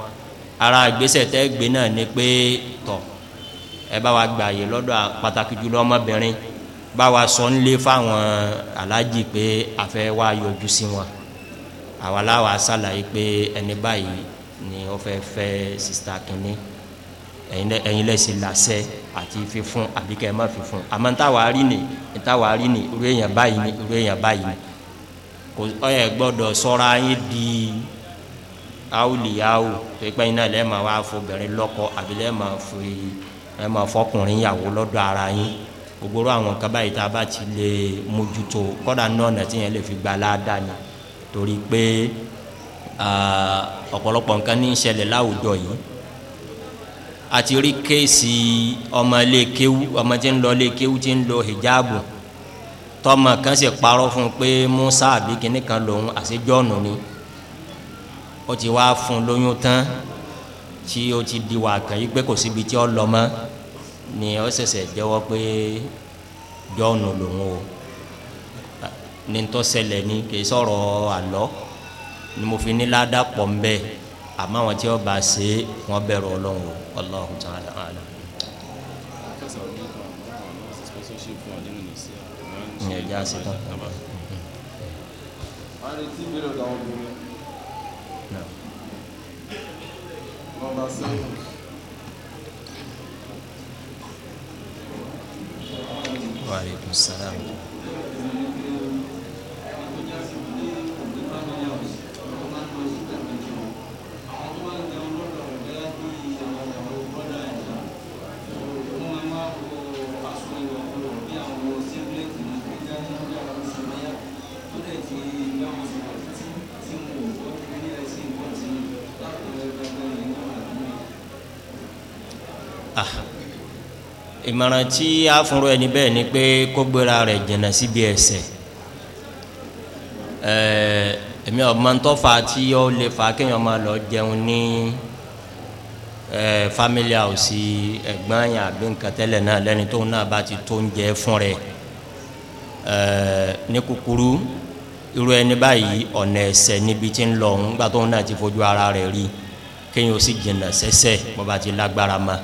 ara ìgbésẹ̀ tẹ́ gbé náà ni pé tọ̀ ẹ bá wa gbà yé lọ́dọ̀ pàtàkì jùlọ ọmọbìnrin bá wa sọ nílé fáwọn aláàjì pé àfẹ́ wa yọjú sí wọn àwa láwa ṣàlàyé pé ẹni báyìí ni wọ́n fẹ́ fẹ́ sista kínní ẹ̀yin lẹ́sìn làṣẹ àti fífún àbíkẹ́ má fífún àmọ́ ntàwa rí ni ntàwa rí ni irú èèyàn báyìí ni irú èèyàn báyìí ni ọyẹ gbọ́dọ̀ sọra yín di awuliyawo pípẹ́ iná lẹ́ẹ̀ máa wá fobìnrin lọ́kọ àbí lẹ́ẹ̀ máa fò ẹ máa fọkùnrin yàwó lọ́dọ̀ ara yín gbogbo àwọn kaba yìí tá a bá ti lè mójútó kọ́dà nọ́ọ̀nà tí yẹn lè fi gba aláàdá ni torí pé ọ̀pọ̀lọpọ̀ nǹkan ní í láwùjọ yìí a ti rí kéèsì ọmọ ilé kéwú ọmọ tí ń lọ ilé kéwú tí ń lo hijabu tọmọ kan sì parọ́ fún un pé musa àbí kínní kan lòun àṣejọ́nù ni ó ti wá fún un lóyún tán tí ó ti di wà kàn yí pé kò síbi tí ó lọ mọ́ ni ó ṣẹ̀ṣẹ̀ jẹ́wọ́ pé jọ́nù lòun o ní tó ṣẹlẹ̀ ni kì í sọ̀rọ̀ àlọ́ ni mo fi ní ládàpọ̀ ń bẹ́ẹ̀ àmọ́ àwọn tí ó bá ṣe é wọ́n bẹ̀rù ọlọ́run o Allahu ta'ala alam. ní ẹja ṣetán. a lè tí ìbéèrè ọ̀dà obìnrin. nọ́mbà sẹ́yìn. Wa alaikum salaam. ìmọ̀ràn tí a fúnra ẹni bẹ́ẹ̀ ni pé kó gbéra rẹ̀ jìnnà síbi ẹ̀ṣẹ̀ ẹ̀ẹ́ èmi ọ̀gbọ́n tó fa tí ó lè fa kéèyàn máa lọ jẹun ní ẹ̀ẹ́ family house ẹ̀gbọ́n yẹn àbí nǹkan tẹ́lẹ̀ náà lẹ́ni tóun náà bá ti tó ń jẹ fún rẹ̀ ẹ̀ẹ́ ní kúkúrú irú ẹni báyìí ọ̀nà ẹ̀ṣẹ̀ níbi tí ń lọ òun gbà tóun náà ti fojú ara rẹ̀ rí kéèyàn ó sì jìnnà sẹ́ṣẹ̀ bó bá ti lágbára máa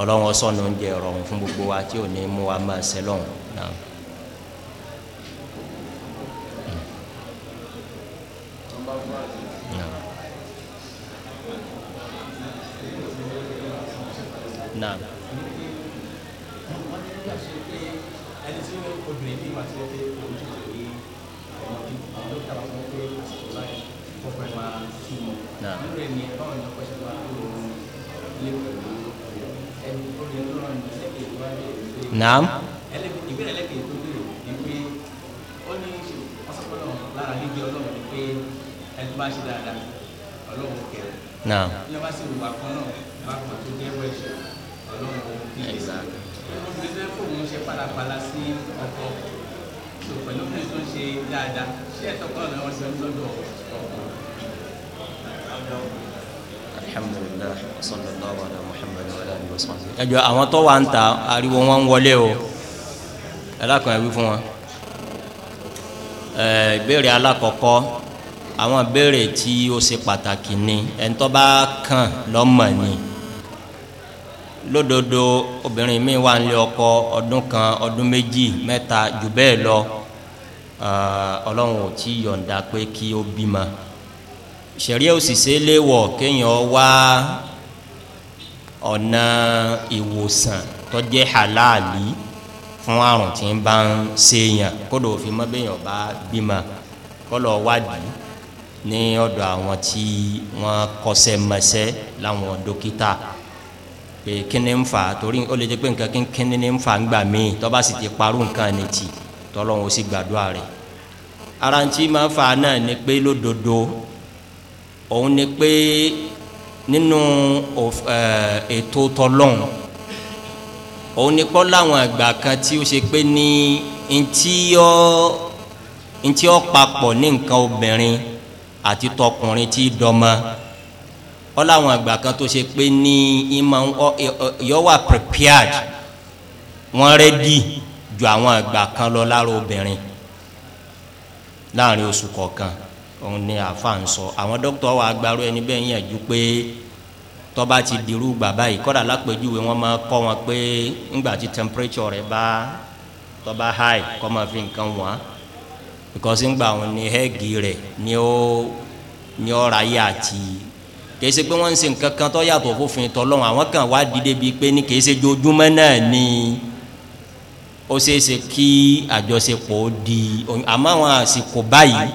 ọlọ́run ọsọ́nù ń jẹ ọ̀rọ̀ fún gbogbo wa tí ò ní mú wa máa ṣẹlọ́run náà. ẹjọ àwọn tó wà ń ta ariwo wọn ń wọlé o ẹlẹ́kùn ẹ̀wí fún wọn ìbéèrè alákọ̀ọ́kọ́ àwọn ìbéèrè tí ó ṣe pàtàkì ni ẹni tó bá kàn lọ́mọ ni lódodo obìnrin mi wà nílé ọkọ ọdún kan ọdún méjì mẹ́ta jù bẹ́ẹ̀ lọ ọlọ́run ò tí yọ̀ǹda pé kí ó bímọ ṣẹ̀ríà òṣìṣẹ́ léwọ̀ kéèyàn wá ọ̀nà ìwòsàn tó jẹ́ halali fún àrùn tí ń bá ń ṣèyàn kódò òfin mọ́bẹ́yìn ọba bímọ kọ́lọ̀ wádìí ní ọ̀dọ̀ àwọn tí wọ́n kọ́ṣẹ́ mọṣẹ́ láwọn dókítà pé kíni ń fà torí ó lè jẹ́ pé nǹkan kíni ń fà ń gbà míì tó sì ti parú nǹkan ní tì tọ́lọ́run ó sì gbàdúrà rẹ̀ ara ń tí náà ni pé lódodo òun ni pé nínú eh, ètò tọlọ́n òun ni kọ́ láwọn àgbà kan tí ó ṣe pé ní ntí ọ ntí ọ papọ̀ ní nǹkan obìnrin àti tọkùnrin tí dọ́mọ ọ láwọn àgbà kan tó ṣe pé ní ìmọ̀ yọ wà prepared wọ́n rẹ́dí ju àwọn àgbà kan lọ lára obìnrin láàrin oṣù kọ̀ọ̀kan òun ni àfa ń sọ àwọn dókítà wa gbarú ẹni bẹ́ẹ̀ yẹn ju pé tọ́ba ti dirú bàbá yìí kọ́dà lápèjúwe wọ́n máa kọ́ wọn pé ńgbà tí temperature rẹ̀ bá tọ́ba high kọ́ máa fi nǹkan wọ́n because ńgbà òun ni hẹ́ẹ̀gì rẹ̀ ni ó ni ó ra yé àti kìí ṣe pé wọ́n ń ṣe nǹkan kan yàtọ̀ fófin tọ́lọ́run àwọn kan wá dìde bíi pé ní kìí ṣe náà ni ó ṣeé ṣe kí àjọṣepọ̀ di àmọ́ àwọn àsìkò báyìí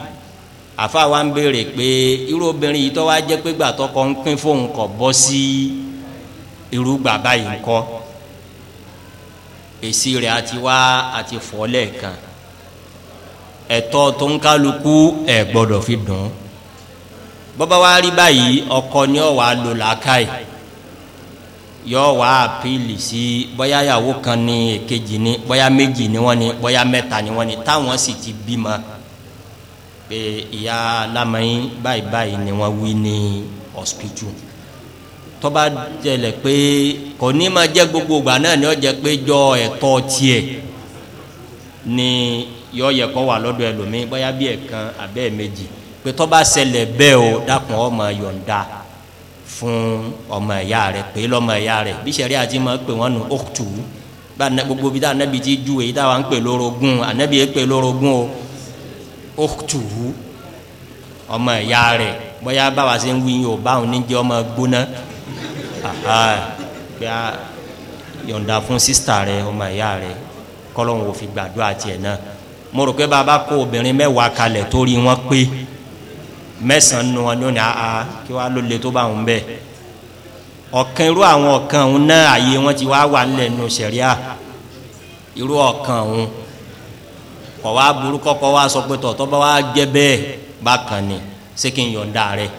àfa wa ń béèrè pé irú obìnrin yìí tó wá jẹ́ pé gbàtọ́ kọ́ ń pín fóun kọ̀ bọ́ sí irú bàbá yìí ń kọ́ èsì rẹ̀ àti wá àti fọ́ lẹ́ẹ̀kan ẹ̀tọ́ tó ń kálukú ẹ̀ gbọ́dọ̀ fi dùn bọ́bá wa rí báyìí ọkọ ni ọ̀ wá lò làákàyè yọ wá àpìlì sí bóyá ìyàwó kan ní èkejì ní bóyá méjì ní wọ́n ní bóyá mẹ́ta ní wọ́n ní táwọn sì ti bímọ. Si pé ìyá alámọ̀yìn báyìí báyìí ni wọ́n wí ní hospital tọ́ba jẹlẹ̀ pé kò ní ma jẹ́ gbogbo ìgbà náà ni ó jẹ́ pé jọ ẹ̀tọ́ tiẹ̀ ni yọ yẹ kọ́ wà lọ́dọ̀ ẹlòmíín bóyá bí ẹ̀kan abẹ́ méjì pé tọ́ba ṣẹlẹ̀ bẹ́ẹ̀ o dákun ọmọ yọ̀ǹda fún ọmọ ìyá rẹ̀ pé lọ́mọ ìyá rẹ̀ bí sẹ́rí àti ma pè wọ́n nu ọ̀tù bá gbogbo bí tá anabi ti ju èyí táwa ń pè lórogún anabi yẹ pè lórogún o ọ̀tùwù ọmọ ìyá rẹ̀ bóyá báwa ṣe ń wí yóò báwọn níjẹ́ ọmọ gbóná pé a yọ̀ǹda fún sísítà rẹ̀ ọmọ ìyá rẹ̀ kọ́lọ́hún ò fi gbàdúrà tiẹ̀ náà mo rò pé bàbá kó obìnrin mẹ́wàá kalẹ̀ torí wọ́n pé mẹ́sàn-án nu wọn ní a kí wàá ló le tó bá wọn bẹ́ẹ̀ ọ̀kan irú àwọn ọ̀kan òun náà àyè wọn ti wá wà nílẹ̀ nù sẹ̀ríà irú ọ̀kan òun kọ̀ wá burú kọ́kọ́ wá sọ pé tọ̀tọ́ bá wá jẹ́ bẹ́ẹ̀ bákan ni ṣé kí n yọ̀ǹda rẹ̀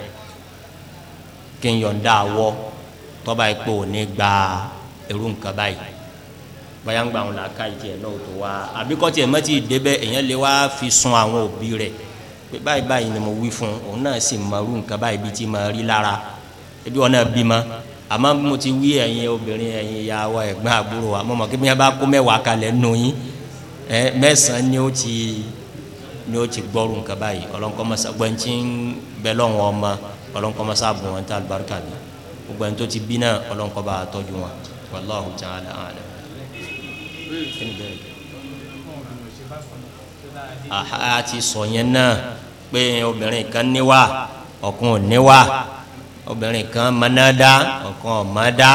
kí n yọ̀ǹda wọ́ tọ́ba ipò ní gba irú nǹkan báyìí báyà ń gba àwọn làákà ìjẹ́ náà tó wá àbíkọ́ tiẹ̀ mọ́ ti débẹ̀ èèyàn lè wá fi sun àwọn òbí rẹ̀ pé báyìí báyìí ni mo wí fún òun náà sì mọ irú nǹkan báyìí bí ti mọ rí lára ebi wọn náà bímọ àmọ́ mo ti wí ẹ̀yin obìnrin ẹ̀yin ìyá wa ẹ̀gbọ́n àbúrò wa mo mọ̀ kí mi bá kó mẹ́wàá kalẹ̀ nù yín ẹ mẹ́sàn ni ó ti ni ó ti gbọ́rù nǹkan báyìí ọlọ́nkọ́mọsá gbẹ̀ntì ń bẹ lọ́wọ́ ọmọ ọlọ́nkọ́mọsá bùn wọn tá àlùbáríkà bí gbẹ̀ntì tó ti bí náà ọlọ́nkọ́ba tọ́jú wọn wàláhùn ta'ala a'lam a ti sọ yẹn náà obìnrin kan níwà ọkùnrin níwà obìnrin kan mọ̀nádá ọkùnrin mọ̀nádá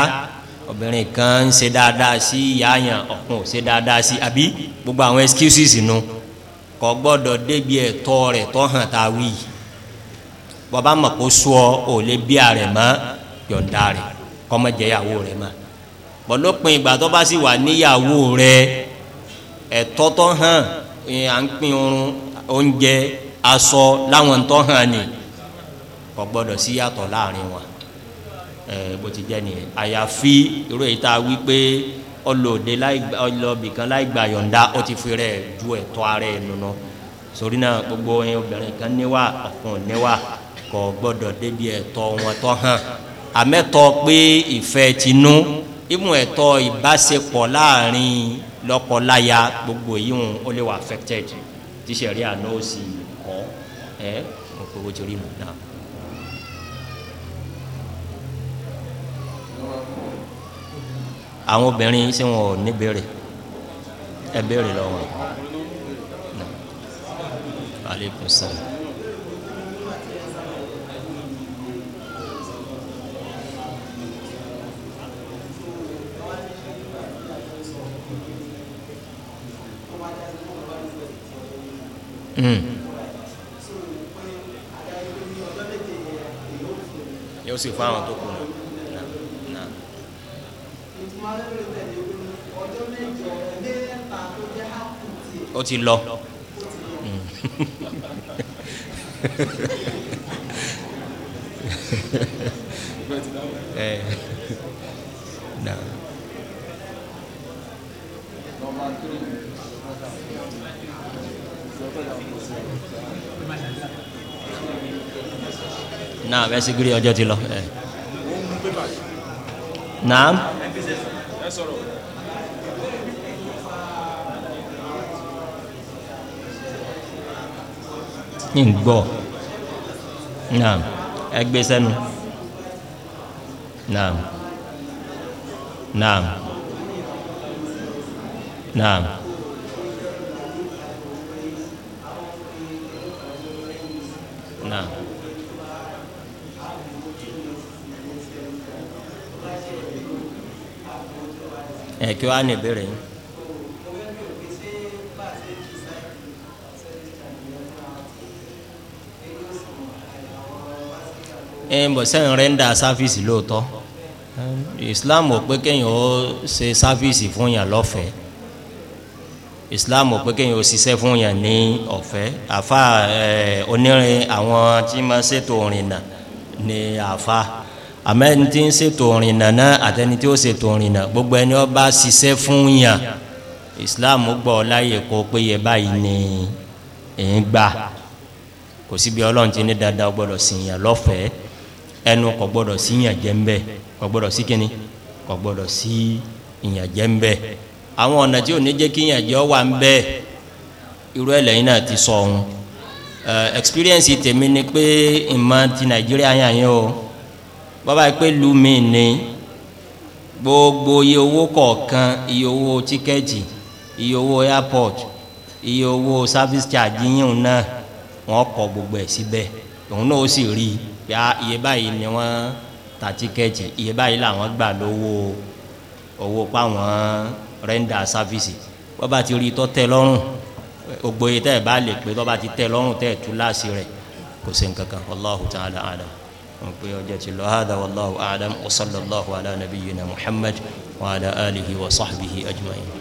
obìnrin kan ń ṣe dáadáa sí ìyá yẹn ọkùn ò ṣe dáadáa sí àbí gbogbo àwọn excuses nu kò gbọ́dọ̀ débi ẹ̀tọ́ rẹ̀ tó hàn tá a wí bàbá mọ̀ kó sọ ò lè bí ààrẹ mọ́ yọ̀ǹda rẹ̀ kọ́mọ̀jẹ̀yàwó rẹ̀ mọ́ bọ́lọ́pin ìgbà tó bá sì wà níyàwó rẹ̀ ẹ̀tọ́ tó hàn à ń pín oorun oúnjẹ aṣọ láwọn tó hàn ni kò gbọ́dọ̀ sí yàtọ̀ láàrin wọn ẹ bó ti jẹ́ nìyẹn àyàfi irú èyí tá a wí pé ọlọ́ọ̀dẹ ọlọ́ọ̀bìkan láì gbà yọ̀ǹda ó ti fi rẹ̀ ju ẹ̀tọ́ ara ẹ̀ nùnà sórí náà gbogbo ẹyin obìnrin kan níwà ọ̀kan níwà kò gbọ́dọ̀ débi ẹ̀tọ́ wọn tọ́ hàn àmẹ́tọ́ pé ìfẹ́ tinú ìmú ẹ̀tọ́ ìbáṣepọ̀ láàrin lọ́kọ-láya gbogbo yìí ó lè wà affected tíṣẹ̀rí àná ó sì kọ́ ẹ́ mo kò wọ́n ti rí mu náà. àwọn obìnrin ṣé wọn ò ní béèrè ẹ béèrè lọ́wọ́ aleykum salaam. Hmm. yóò sì fún àwọn tó kù náà ó ti lọ mm. *laughs* eh. náà bẹ́ẹ̀ sì gírí ti lọ. Eh. naam ẹ sọ̀rọ̀. ní gbọ́ náà ẹgbẹ́ sẹ́nu náà náà náà. ẹ̀ kí wàá ní ìbéèrè yín. ẹnbọ sẹ́yìn rẹ́ńdà sáfíìsì lóòótọ́ Islam ò pé kéèyàn ó ṣe sáfíìsì fún yàn lọ́fẹ̀ẹ́ Islam ò pé kéèyàn ó ṣiṣẹ́ fún yàn ní ọ̀fẹ́ àfa onírin àwọn tí ma ṣètò òrìnnà ní àfa àmọ́ ẹni tí ń ṣètò orin nàná àtẹni tí ó ṣètò orin nà gbogbo ẹni ó bá ṣiṣẹ́ fún yàn Islam gbọ́ láyè kó péye báyìí ni èyí gbà kò síbi ọlọ́run ti ní dandan ó gbọ́dọ̀ sìn yàn lọ́fẹ̀ẹ́ ẹnu kò gbọ́dọ̀ sí yàn jẹ́ ń bẹ́ kò gbọ́dọ̀ sí kínní kò gbọ́dọ̀ sí yàn jẹ́ ń bẹ́ àwọn ọ̀nà tí ò ní jẹ́ kí yàn jẹ́ ọ wà ń bẹ́ irú ẹlẹ́yìn náà ti sọ ọ̀hún experience tèmi ni pé ìmọ̀ ti Nàìjíríà yàn yín o bọ́bá yìí pé lumi ni gbogbo iye owó kọ̀ọ̀kan iye owó tíkẹ́ẹ̀tì iye owó airport iye owó service charge yíyún náà wọ́n kọ gbogbo ẹ̀ síbẹ̀ òun náà ó sì rí i pé ah, iye báyìí ni wọ́n ta tíkẹ́ẹ̀tì iye báyìí làwọn gbà lówó owó páwọn rẹ́ńdà sáfíìsì bọ́bá ti rí i tó tẹ́ lọ́rùn ògbóye tẹ́ ẹ̀ bá lè pé bọ́bá ti tẹ́ lọ́rùn tẹ́ ẹ̀ tú láàsì rẹ̀ kò sí nǹkan kan Allahu ta'ala alam. هذا والله أعلم وصلى الله على نبينا محمد وعلى آله وصحبه أجمعين